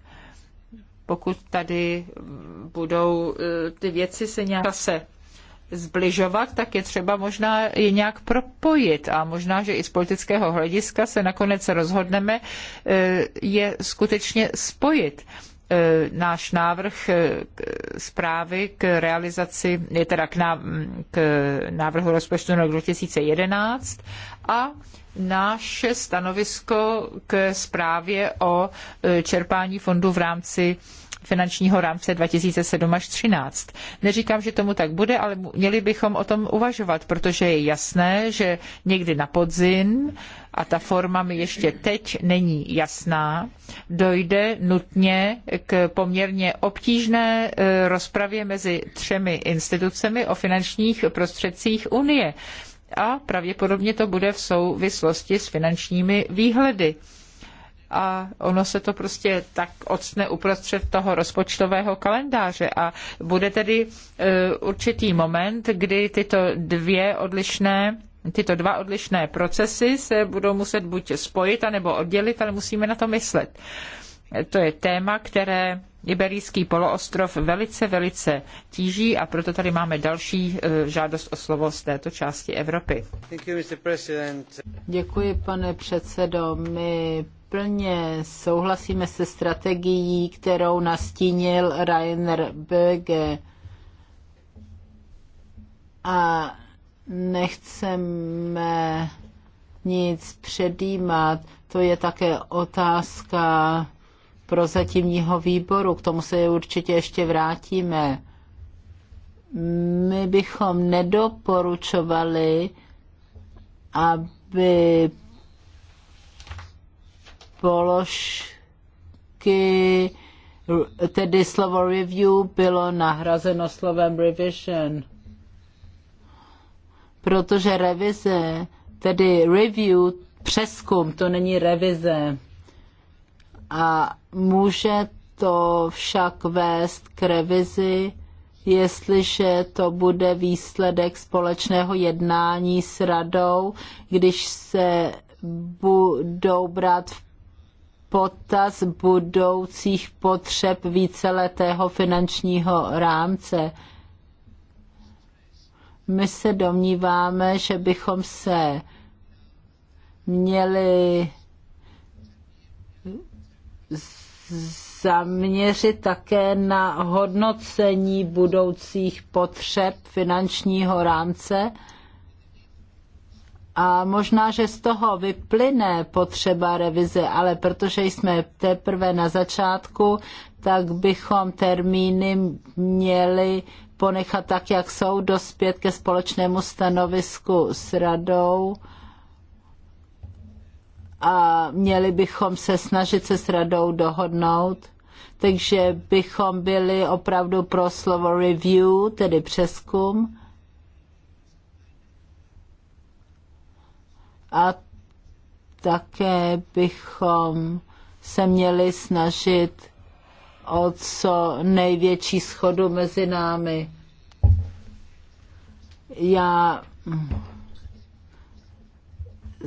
Pokud tady budou ty věci se nějak se zbližovat, tak je třeba možná je nějak propojit a možná, že i z politického hlediska se nakonec rozhodneme je skutečně spojit. E, náš návrh e, zprávy k realizaci, teda k, ná, k návrhu rozpočtu na rok 2011 a naše stanovisko k zprávě o e, čerpání fondu v rámci finančního rámce 2007 až 2013. Neříkám, že tomu tak bude, ale měli bychom o tom uvažovat, protože je jasné, že někdy na podzim, a ta forma mi ještě teď není jasná, dojde nutně k poměrně obtížné e, rozpravě mezi třemi institucemi o finančních prostředcích Unie. A pravděpodobně to bude v souvislosti s finančními výhledy a ono se to prostě tak odstne uprostřed toho rozpočtového kalendáře a bude tedy e, určitý moment, kdy tyto dvě odlišné tyto dva odlišné procesy se budou muset buď spojit, anebo oddělit, ale musíme na to myslet. To je téma, které Iberijský poloostrov velice, velice tíží a proto tady máme další e, žádost o slovo z této části Evropy. Děkuji, pane předsedo. My plně souhlasíme se strategií, kterou nastínil Rainer Böge. A nechceme nic předjímat. To je také otázka prozatímního výboru. K tomu se určitě ještě vrátíme. My bychom nedoporučovali, aby položky, tedy slovo review bylo nahrazeno slovem revision. Protože revize, tedy review, přeskum, to není revize. A může to však vést k revizi, jestliže to bude výsledek společného jednání s radou, když se budou brát v potaz budoucích potřeb víceletého finančního rámce. My se domníváme, že bychom se měli zaměřit také na hodnocení budoucích potřeb finančního rámce a možná, že z toho vyplyne potřeba revize, ale protože jsme teprve na začátku, tak bychom termíny měli ponechat tak, jak jsou, dospět ke společnému stanovisku s radou a měli bychom se snažit se s radou dohodnout, takže bychom byli opravdu pro slovo review, tedy přeskum, a také bychom se měli snažit o co největší schodu mezi námi. Já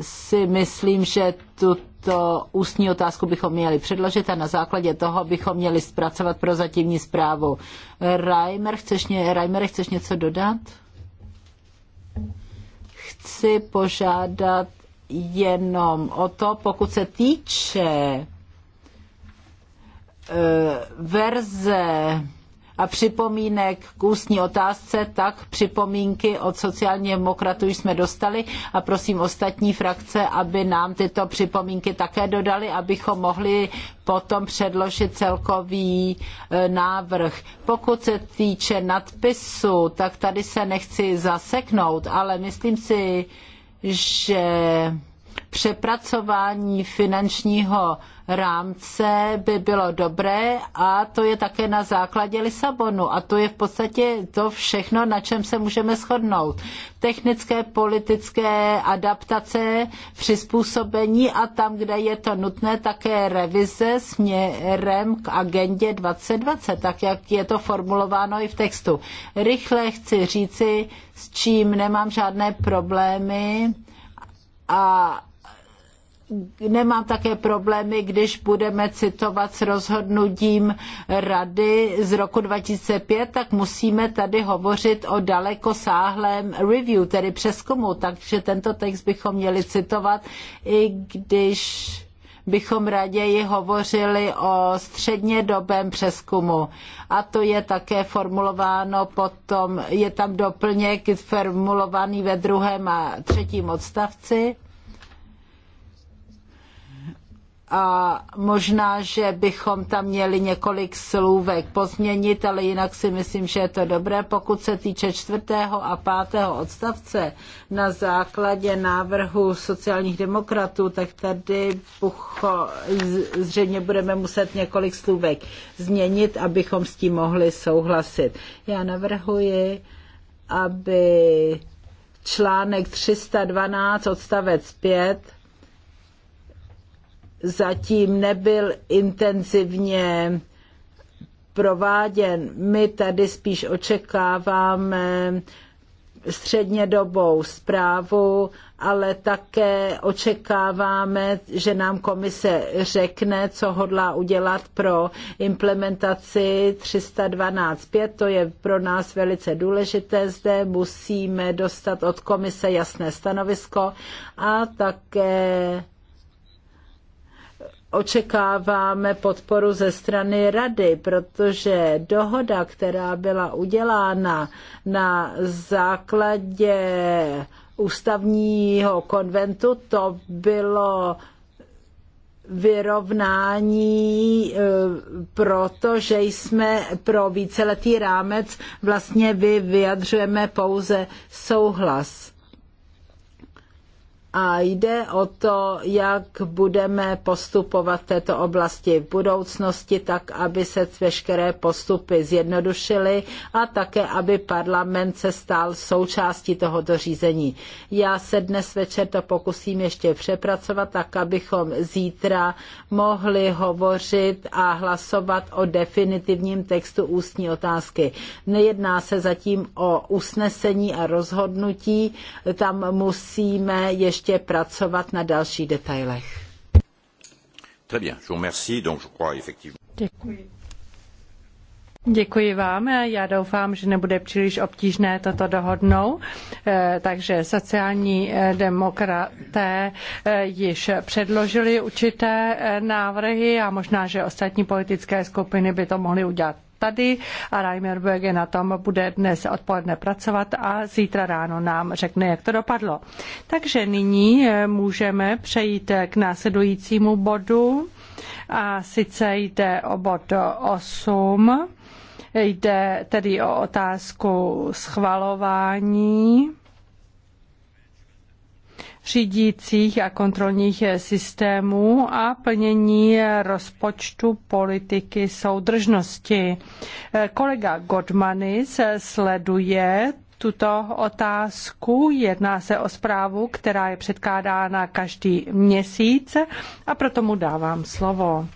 si myslím, že tuto ústní otázku bychom měli předložit a na základě toho bychom měli zpracovat zatímní zprávu. Reimer, chceš, ně, Reimer, chceš něco dodat? chci požádat jenom o to, pokud se týče eh, verze a připomínek k ústní otázce, tak připomínky od sociálně demokratů jsme dostali a prosím ostatní frakce, aby nám tyto připomínky také dodali, abychom mohli potom předložit celkový e, návrh. Pokud se týče nadpisu, tak tady se nechci zaseknout, ale myslím si, že přepracování finančního rámce by bylo dobré a to je také na základě Lisabonu a to je v podstatě to všechno, na čem se můžeme shodnout. Technické, politické adaptace, přizpůsobení a tam, kde je to nutné, také revize směrem k agendě 2020, tak jak je to formulováno i v textu. Rychle chci říci, s čím nemám žádné problémy a nemám také problémy, když budeme citovat s rozhodnutím rady z roku 2005, tak musíme tady hovořit o dalekosáhlém review, tedy přeskumu, takže tento text bychom měli citovat, i když bychom raději hovořili o střednědobém přeskumu. A to je také formulováno potom, je tam doplněk formulovaný ve druhém a třetím odstavci a možná, že bychom tam měli několik slůvek pozměnit, ale jinak si myslím, že je to dobré. Pokud se týče čtvrtého a pátého odstavce na základě návrhu sociálních demokratů, tak tady zřejmě budeme muset několik slůvek změnit, abychom s tím mohli souhlasit. Já navrhuji, aby článek 312 odstavec 5 zatím nebyl intenzivně prováděn. My tady spíš očekáváme střednědobou zprávu, ale také očekáváme, že nám komise řekne, co hodlá udělat pro implementaci 312.5. To je pro nás velice důležité. Zde musíme dostat od komise jasné stanovisko a také očekáváme podporu ze strany rady, protože dohoda, která byla udělána na základě ústavního konventu, to bylo vyrovnání, e, protože jsme pro víceletý rámec vlastně vyjadřujeme pouze souhlas a jde o to, jak budeme postupovat v této oblasti v budoucnosti, tak aby se veškeré postupy zjednodušily a také, aby parlament se stal součástí tohoto řízení. Já se dnes večer to pokusím ještě přepracovat, tak abychom zítra mohli hovořit a hlasovat o definitivním textu ústní otázky. Nejedná se zatím o usnesení a rozhodnutí, tam musíme ještě ještě pracovat na dalších detailech. Très bien, je vous remercie, donc je crois effectivement. Děkuji. Děkuji vám. Já doufám, že nebude příliš obtížné toto dohodnout. Eh, takže sociální eh, demokraté eh, již předložili určité návrhy a možná, že ostatní politické skupiny by to mohly udělat tady a Reimer Böge na tom bude dnes odpoledne pracovat a zítra ráno nám řekne, jak to dopadlo. Takže nyní eh, můžeme přejít k následujícímu bodu a sice jde o bod 8. Jde tedy o otázku schvalování řídících a kontrolních systémů a plnění rozpočtu politiky soudržnosti. Kolega Godmanis sleduje tuto otázku. Jedná se o zprávu, která je předkládána každý měsíc a proto mu dávám slovo.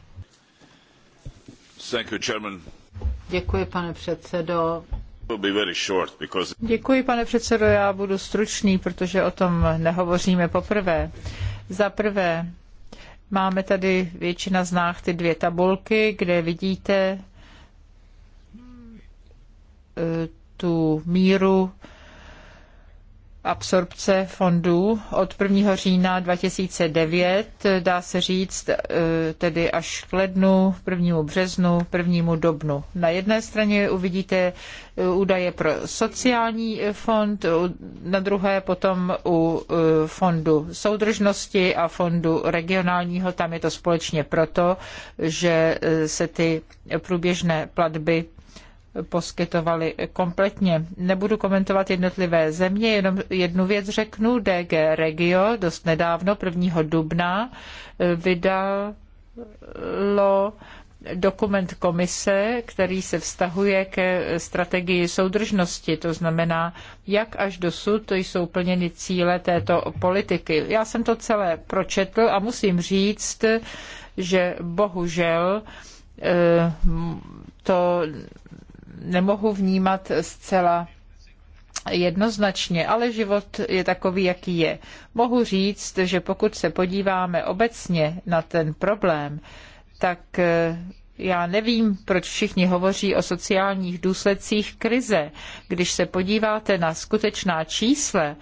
Děkuji, pane předsedo. Děkuji, pane předsedo, já budu stručný, protože o tom nehovoříme poprvé. Za prvé, máme tady většina z nás ty dvě tabulky, kde vidíte e, tu míru absorpce fondů od 1. října 2009, dá se říct eh, tedy až k lednu, 1. březnu, 1. dobnu. Na jedné straně uvidíte eh, údaje pro sociální eh, fond, na druhé potom u fondu soudržnosti a fondu regionálního, tam je to společně proto, že se ty průběžné platby poskytovali kompletně. Nebudu komentovat jednotlivé země, jenom jednu věc řeknu. DG Regio dost nedávno, 1. dubna, vydalo dokument komise, který se vztahuje ke strategii soudržnosti, to znamená, jak až dosud to jsou plněny cíle této politiky. Já jsem to celé pročetl a musím říct, že bohužel eh, to nemohu vnímat zcela jednoznačně, ale život je takový, jaký je. Mohu říct, že pokud se podíváme obecně na ten problém, tak eh, já nevím, proč všichni hovoří o sociálních důsledcích krize. Když se podíváte na skutečná čísla,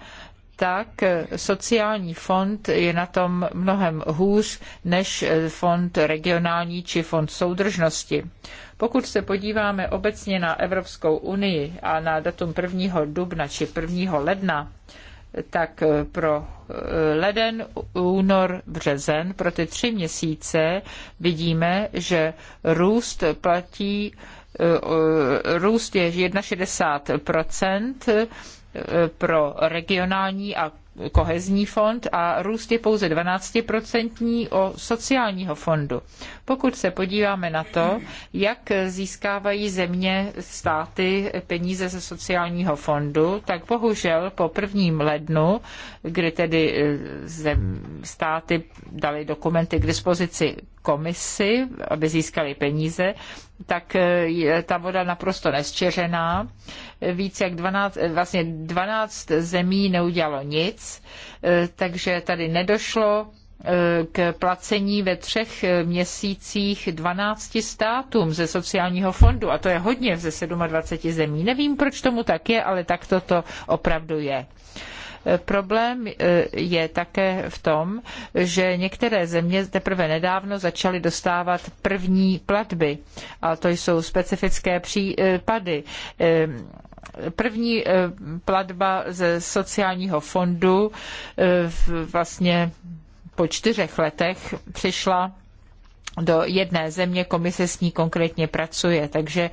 tak sociální fond je na tom mnohem hůř než fond regionální či fond soudržnosti. Pokud se podíváme obecně na Evropskou unii a na datum 1. dubna či 1. ledna, tak pro eh, leden, únor, březen, pro ty tři měsíce vidíme, že růst platí, eh, růst je 61 pro regionální a kohezní fond a růst je pouze 12% o sociálního fondu. Pokud se podíváme na to, jak získávají země státy peníze ze sociálního fondu, tak bohužel po prvním lednu, kdy tedy eh, státy dali dokumenty k dispozici komisi, aby získali peníze, tak eh, je ta voda naprosto nesčeřená. Více jak 12, eh, vlastně 12 zemí neudělalo nic, eh, takže tady nedošlo k placení ve třech měsících 12 státům ze sociálního fondu, a to je hodně ze 27 zemí. Nevím, proč tomu tak je, ale takto to opravdu je. Problém eh, je také v tom, že některé země teprve nedávno začaly dostávat první platby. A to jsou specifické případy eh, první eh, platba ze sociálního fondu vlastně po čtyřech letech přišla do jedné země, komise s ní konkrétně pracuje. Takže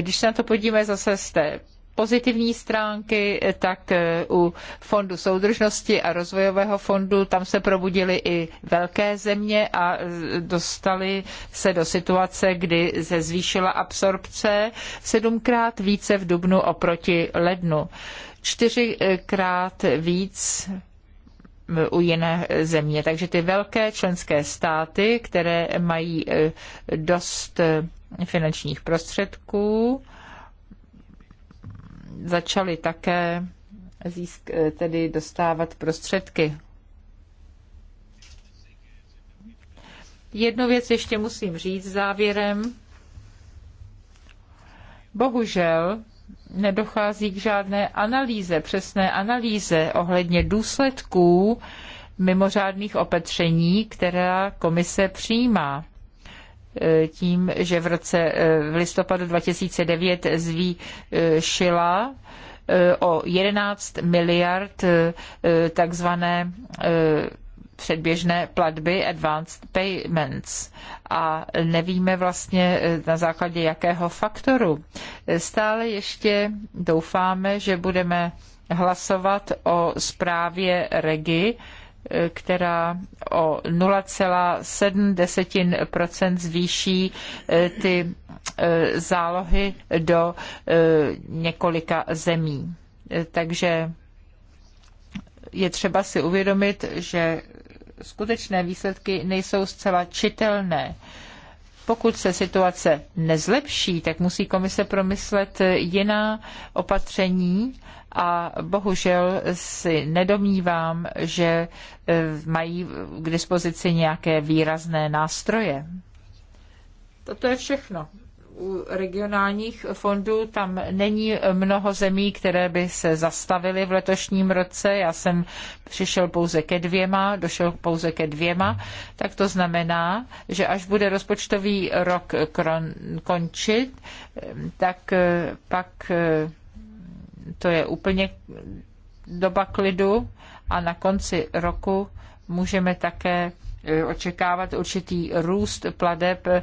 když se na to podíváme zase z té pozitivní stránky, tak eh, u Fondu soudržnosti a rozvojového fondu tam se probudily i velké země a eh, dostali se do situace, kdy se zvýšila absorpce sedmkrát více v dubnu oproti lednu. Čtyřikrát víc u jiné země. Takže ty velké členské státy, které mají eh, dost finančních prostředků, začali také získ, eh, tedy dostávat prostředky. Jednu věc ještě musím říct závěrem. Bohužel nedochází k žádné analýze, přesné analýze ohledně důsledků mimořádných opatření, která komise přijímá tím, že v roce eh, v listopadu 2009 zvýšila eh, o 11 miliard eh, takzvané předběžné platby, advanced payments. A nevíme vlastně na základě jakého faktoru. Stále ještě doufáme, že budeme hlasovat o zprávě REGI, která o 0,7 zvýší eh, ty eh, zálohy do eh, několika zemí. Takže je třeba si uvědomit, že skutečné výsledky nejsou zcela čitelné. Pokud se situace nezlepší, tak musí komise promyslet jiná opatření a bohužel si nedomnívám, že e, mají k dispozici nějaké výrazné nástroje. Toto je všechno u regionálních fondů tam není mnoho zemí, které by se zastavily v letošním roce. Já jsem přišel pouze ke dvěma, došel pouze ke dvěma, tak to znamená, že až bude rozpočtový rok končit, e, tak e, pak to je úplně doba klidu a na konci roku můžeme také eh, očekávat určitý růst pladeb. Eh,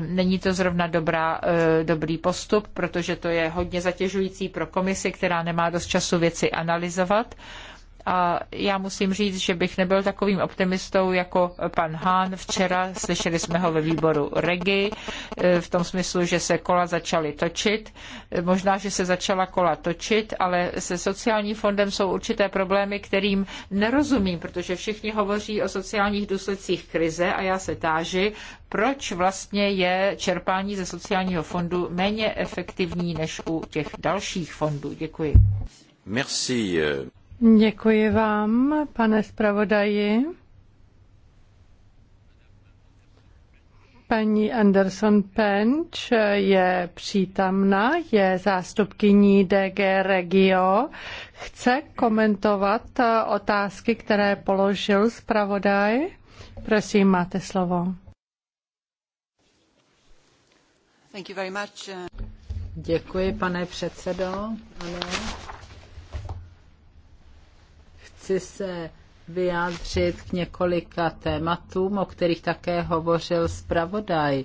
není to zrovna dobrá, eh, dobrý postup, protože to je hodně zatěžující pro komisi, která nemá dost času věci analyzovat. A já musím říct, že bych nebyl takovým optimistou jako pan Hán. Včera slyšeli jsme ho ve výboru Regi eh, v tom smyslu, že se kola začaly točit. Eh, možná, že se začala kola točit, ale se sociálním fondem jsou určité problémy, kterým nerozumím, protože všichni hovoří o sociálních důsledcích krize a já se táži, proč vlastně je čerpání ze sociálního fondu méně efektivní než u těch dalších fondů. Děkuji. Merci. Eh. Děkuji vám, pane zpravodaji. Paní Anderson Pench je přítomna, je zástupkyní DG Regio. Chce komentovat otázky, které položil zpravodaj. Prosím, máte slovo. Děkuji, pane předsedo. Ano chci se vyjádřit k několika tématům, o kterých také hovořil zpravodaj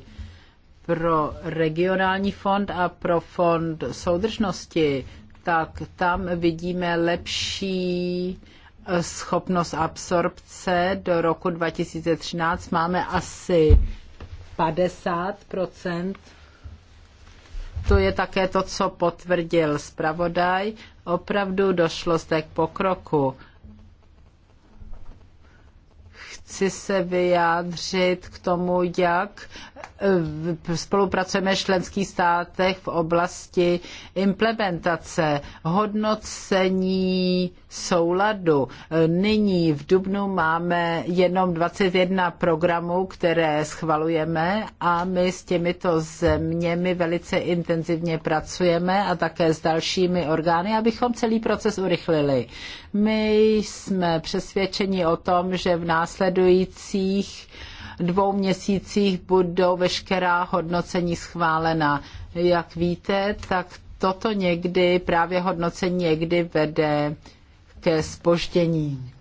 pro regionální fond a pro fond soudržnosti, tak tam vidíme lepší eh, schopnost absorpce do roku 2013. Máme asi 50 To je také to, co potvrdil zpravodaj. Opravdu došlo zde k pokroku chci se vyjádřit k tomu, jak eh, spolupracujeme v členských státech v oblasti implementace, hodnocení souladu. Nyní v Dubnu máme jenom 21 programů, které schvalujeme a my s těmito zeměmi velice intenzivně pracujeme a také s dalšími orgány, abychom celý proces urychlili. My jsme přesvědčeni o tom, že v následujících dvou měsících budou veškerá hodnocení schválena. Jak víte, tak toto někdy, právě hodnocení někdy vede ke spoždění.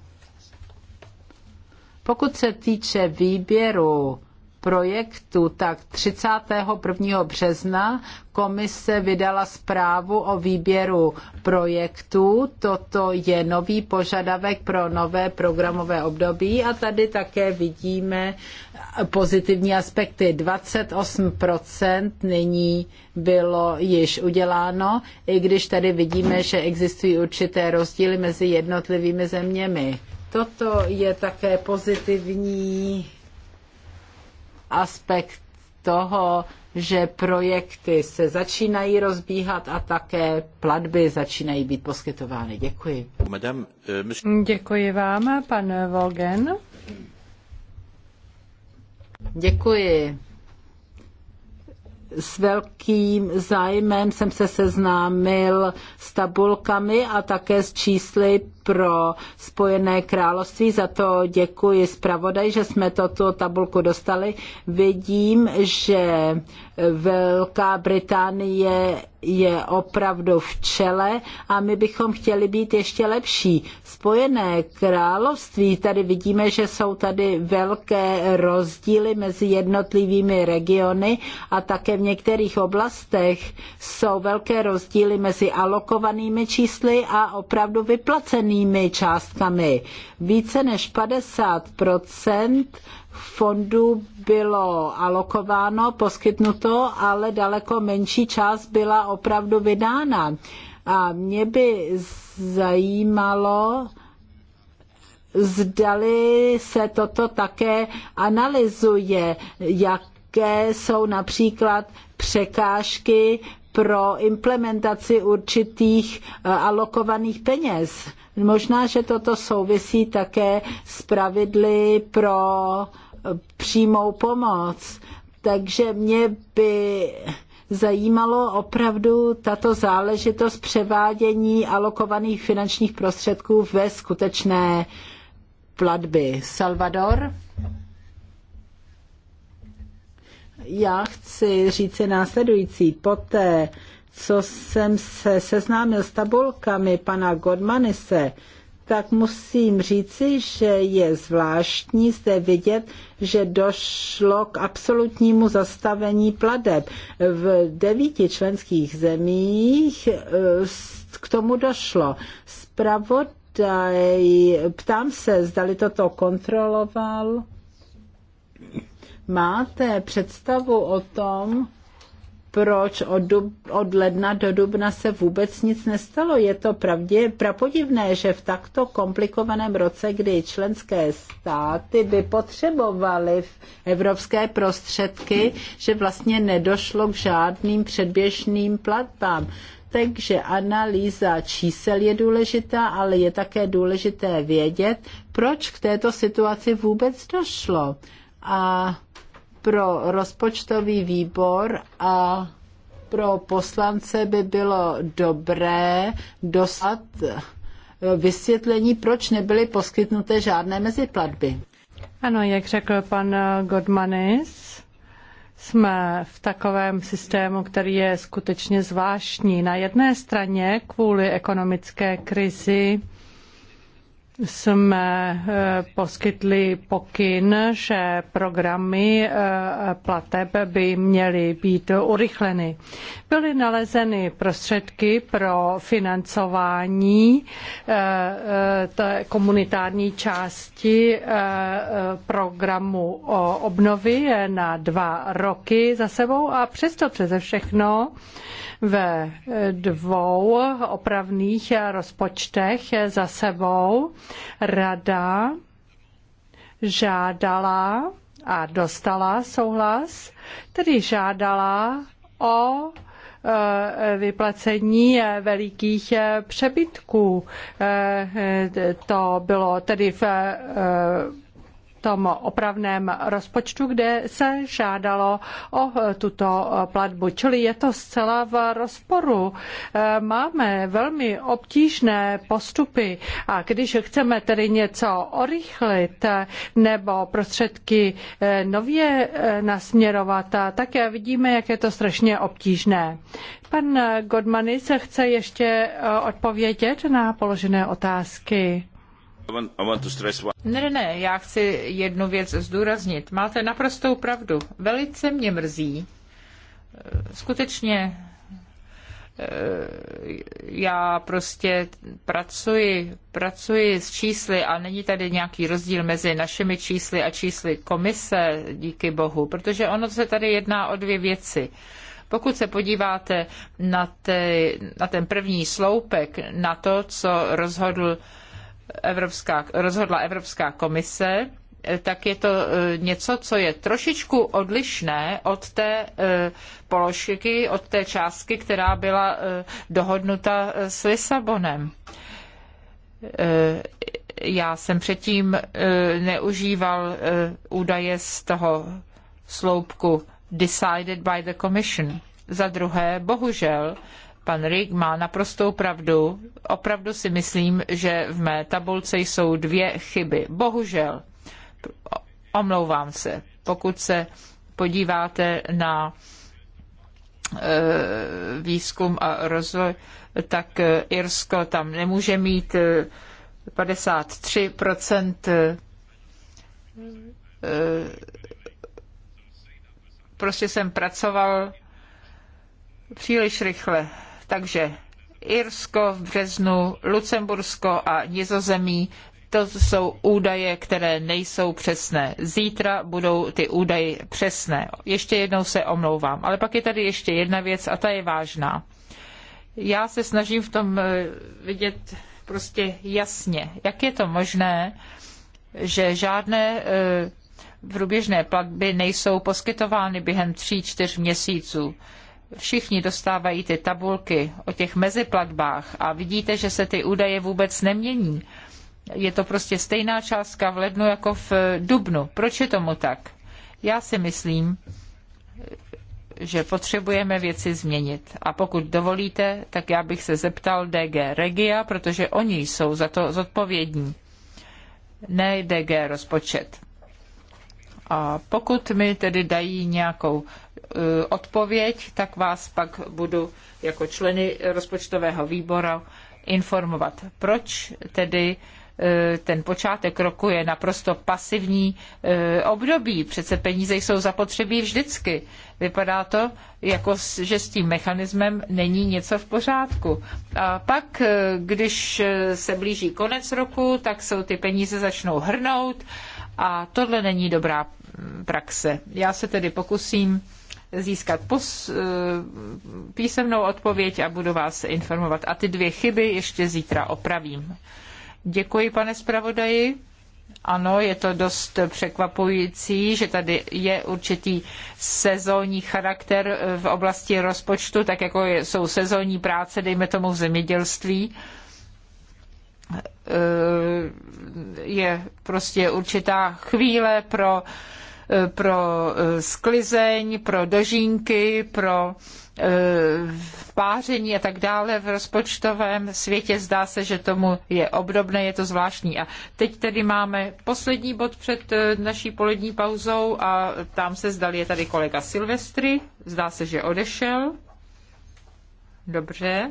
Pokud se týče výběru projektu, tak 31. března komise vydala zprávu o výběru projektů. Toto je nový požadavek pro nové programové období a tady také vidíme pozitivní aspekty. 28% nyní bylo již uděláno, i když tady vidíme, že existují určité rozdíly mezi jednotlivými zeměmi. Toto je také pozitivní aspekt toho, že projekty se začínají rozbíhat a také platby začínají být poskytovány. Děkuji. Madame, eh, Děkuji vám, pan Volgen. Děkuji. S velkým zájmem jsem se seznámil s tabulkami a také s čísly pro Spojené království. Za to děkuji zpravodaj, že jsme toto tabulku dostali. Vidím, že Velká Británie je opravdu v čele a my bychom chtěli být ještě lepší. Spojené království, tady vidíme, že jsou tady velké rozdíly mezi jednotlivými regiony a také v některých oblastech jsou velké rozdíly mezi alokovanými čísly a opravdu vyplacenými omezenými částkami. Více než 50 fondů bylo alokováno, poskytnuto, ale daleko menší část byla opravdu vydána. A mě by zajímalo, zdali se toto také analyzuje, jaké jsou například překážky pro implementaci určitých eh, alokovaných peněz Možná, že toto souvisí také s pravidly pro eh, přímou pomoc. Takže mě by zajímalo opravdu tato záležitost převádění alokovaných finančních prostředků ve skutečné platby. Salvador? Já chci říci následující. Poté, co jsem se seznámil s tabulkami pana Godmanise, tak musím říci, že je zvláštní zde vidět, že došlo k absolutnímu zastavení pladeb. V devíti členských zemích eh, k tomu došlo. Spravodaj, ptám se, zdali toto kontroloval. Máte představu o tom, proč od, dub, od ledna do dubna se vůbec nic nestalo. Je to pravdě, prapodivné, že v takto komplikovaném roce, kdy členské státy by potřebovaly evropské prostředky, že vlastně nedošlo k žádným předběžným platbám. Takže analýza čísel je důležitá, ale je také důležité vědět, proč k této situaci vůbec došlo. A pro rozpočtový výbor a pro poslance by bylo dobré dostat eh, vysvětlení, proč nebyly poskytnuté žádné meziplatby. Ano, jak řekl pan eh, Godmanis, jsme v takovém systému, který je skutečně zvláštní. Na jedné straně kvůli ekonomické krizi jsme eh, poskytli pokyn, že programy eh, plateb by měly být urychleny. Byly nalezeny prostředky pro financování eh, té komunitární části programu obnovy na dva roky za sebou a přesto přeze všechno ve dvou opravných rozpočtech za sebou. Rada žádala a dostala souhlas, tedy žádala o e, vyplacení velikých přebytků. E, e, to bylo tedy v tom opravném rozpočtu, kde se žádalo o tuto platbu. Čili je to zcela v rozporu. Máme velmi obtížné postupy a když chceme tedy něco orychlit nebo prostředky eh, nově eh, nasměrovat, také vidíme, jak je to strašně obtížné. Pan Godmany se chce ještě eh, odpovědět na položené otázky. Ne, ne, ne, já chci jednu věc zdůraznit. Máte naprostou pravdu. Velice mě mrzí. Eh, skutečně eh, já prostě pracuji, pracuji s čísly a není tady nějaký rozdíl mezi našimi čísly a čísly komise, díky bohu, protože ono se tady jedná o dvě věci. Pokud se podíváte na, te, na ten první sloupek, na to, co rozhodl uh, Evropská, rozhodla Evropská komise, eh, tak je to eh, něco, co je trošičku odlišné od té eh, položky, od té částky, která byla dohodnuta s Lisabonem. Já jsem předtím neužíval údaje z toho sloupku decided by the Commission. Za druhé, bohužel, Pan Rig má naprostou pravdu. Opravdu si myslím, že v mé tabulce jsou dvě chyby. Bohužel, omlouvám se, pokud se podíváte na eh, výzkum a rozvoj, tak eh, Irsko tam nemůže mít 53 eh, Prostě jsem pracoval příliš rychle. Takže Irsko v březnu, Lucembursko a Nizozemí to jsou údaje, které nejsou přesné. Zítra budou ty údaje přesné. Ještě jednou se omlouvám. Ale pak je tady ještě jedna věc a ta je vážná. Já se snažím v tom eh, vidět prostě jasně, jak je to možné, že žádné eh, průběžné platby nejsou poskytovány během tří, čtyř měsíců všichni dostávají ty tabulky o těch meziplatbách a vidíte, že se ty údaje vůbec nemění. Je to prostě stejná částka v lednu jako v eh, dubnu. Proč je tomu tak? Já si myslím, že potřebujeme věci změnit. A pokud dovolíte, tak já bych se zeptal DG Regia, protože oni jsou za to zodpovědní. Ne DG rozpočet. A pokud mi tedy dají nějakou eh, odpověď, tak vás pak budu jako členy rozpočtového výboru informovat. Proč tedy eh, ten počátek roku je naprosto pasivní eh, období. Přece peníze jsou zapotřebí vždycky. Vypadá to, jako že s tím mechanismem není něco v pořádku. A pak, když se blíží konec roku, tak jsou ty peníze začnou hrnout a tohle není dobrá praxe. Já se tedy pokusím získat pos, eh, písemnou odpověď a budu vás informovat. A ty dvě chyby ještě zítra opravím. Děkuji, pane zpravodaji. Ano, je to dost překvapující, že tady je určitý sezónní charakter eh, v oblasti rozpočtu, tak jako jsou sezónní práce, dejme tomu v zemědělství. Eh, je prostě určitá chvíle pro, eh, pro eh, sklizeň, pro dožínky, pro páření a tak dále v rozpočtovém světě. Zdá se, že tomu je obdobné, je to zvláštní. A teď tedy máme poslední bod před naší polední pauzou a tam se zdali je tady kolega Silvestry. Zdá se, že odešel. Dobře.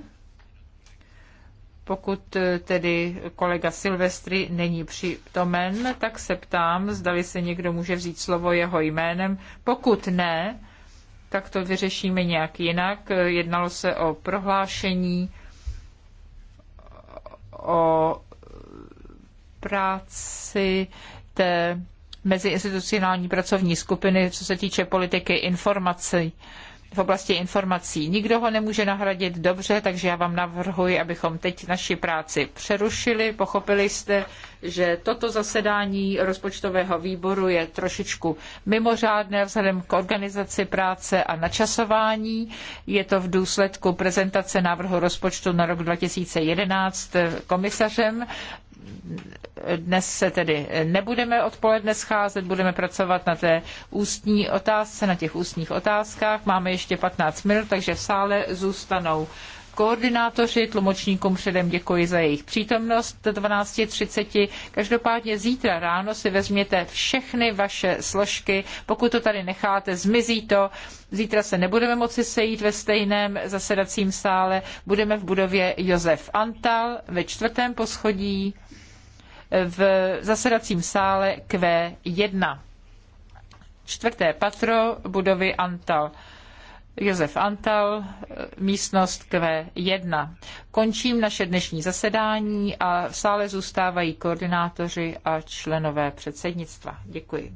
Pokud eh, tedy kolega Silvestry není přítomen, tak se ptám, zdali se někdo může vzít slovo jeho jménem. Pokud ne, tak to vyřešíme nějak jinak. Jednalo se o prohlášení o práci té meziinstitucionální pracovní skupiny, co se týče politiky informací v oblasti informací. Nikdo ho nemůže nahradit dobře, takže já vám navrhuji, abychom teď naši práci přerušili. Pochopili jste, že toto zasedání rozpočtového výboru je trošičku mimořádné vzhledem k organizaci práce a načasování. Je to v důsledku prezentace návrhu rozpočtu na rok 2011 komisařem dnes se tedy nebudeme odpoledne scházet, budeme pracovat na té ústní otázce, na těch ústních otázkách. Máme ještě 15 minut, takže v sále zůstanou koordinátoři, tlumočníkům předem děkuji za jejich přítomnost 12.30. Každopádně zítra ráno si vezměte všechny vaše složky, pokud to tady necháte, zmizí to. Zítra se nebudeme moci sejít ve stejném zasedacím sále, budeme v budově Josef Antal ve čtvrtém poschodí v zasedacím sále Q1. Čtvrté patro budovy Antal. Josef Antal, místnost Q1. Končím naše dnešní zasedání a v sále zůstávají koordinátoři a členové předsednictva. Děkuji.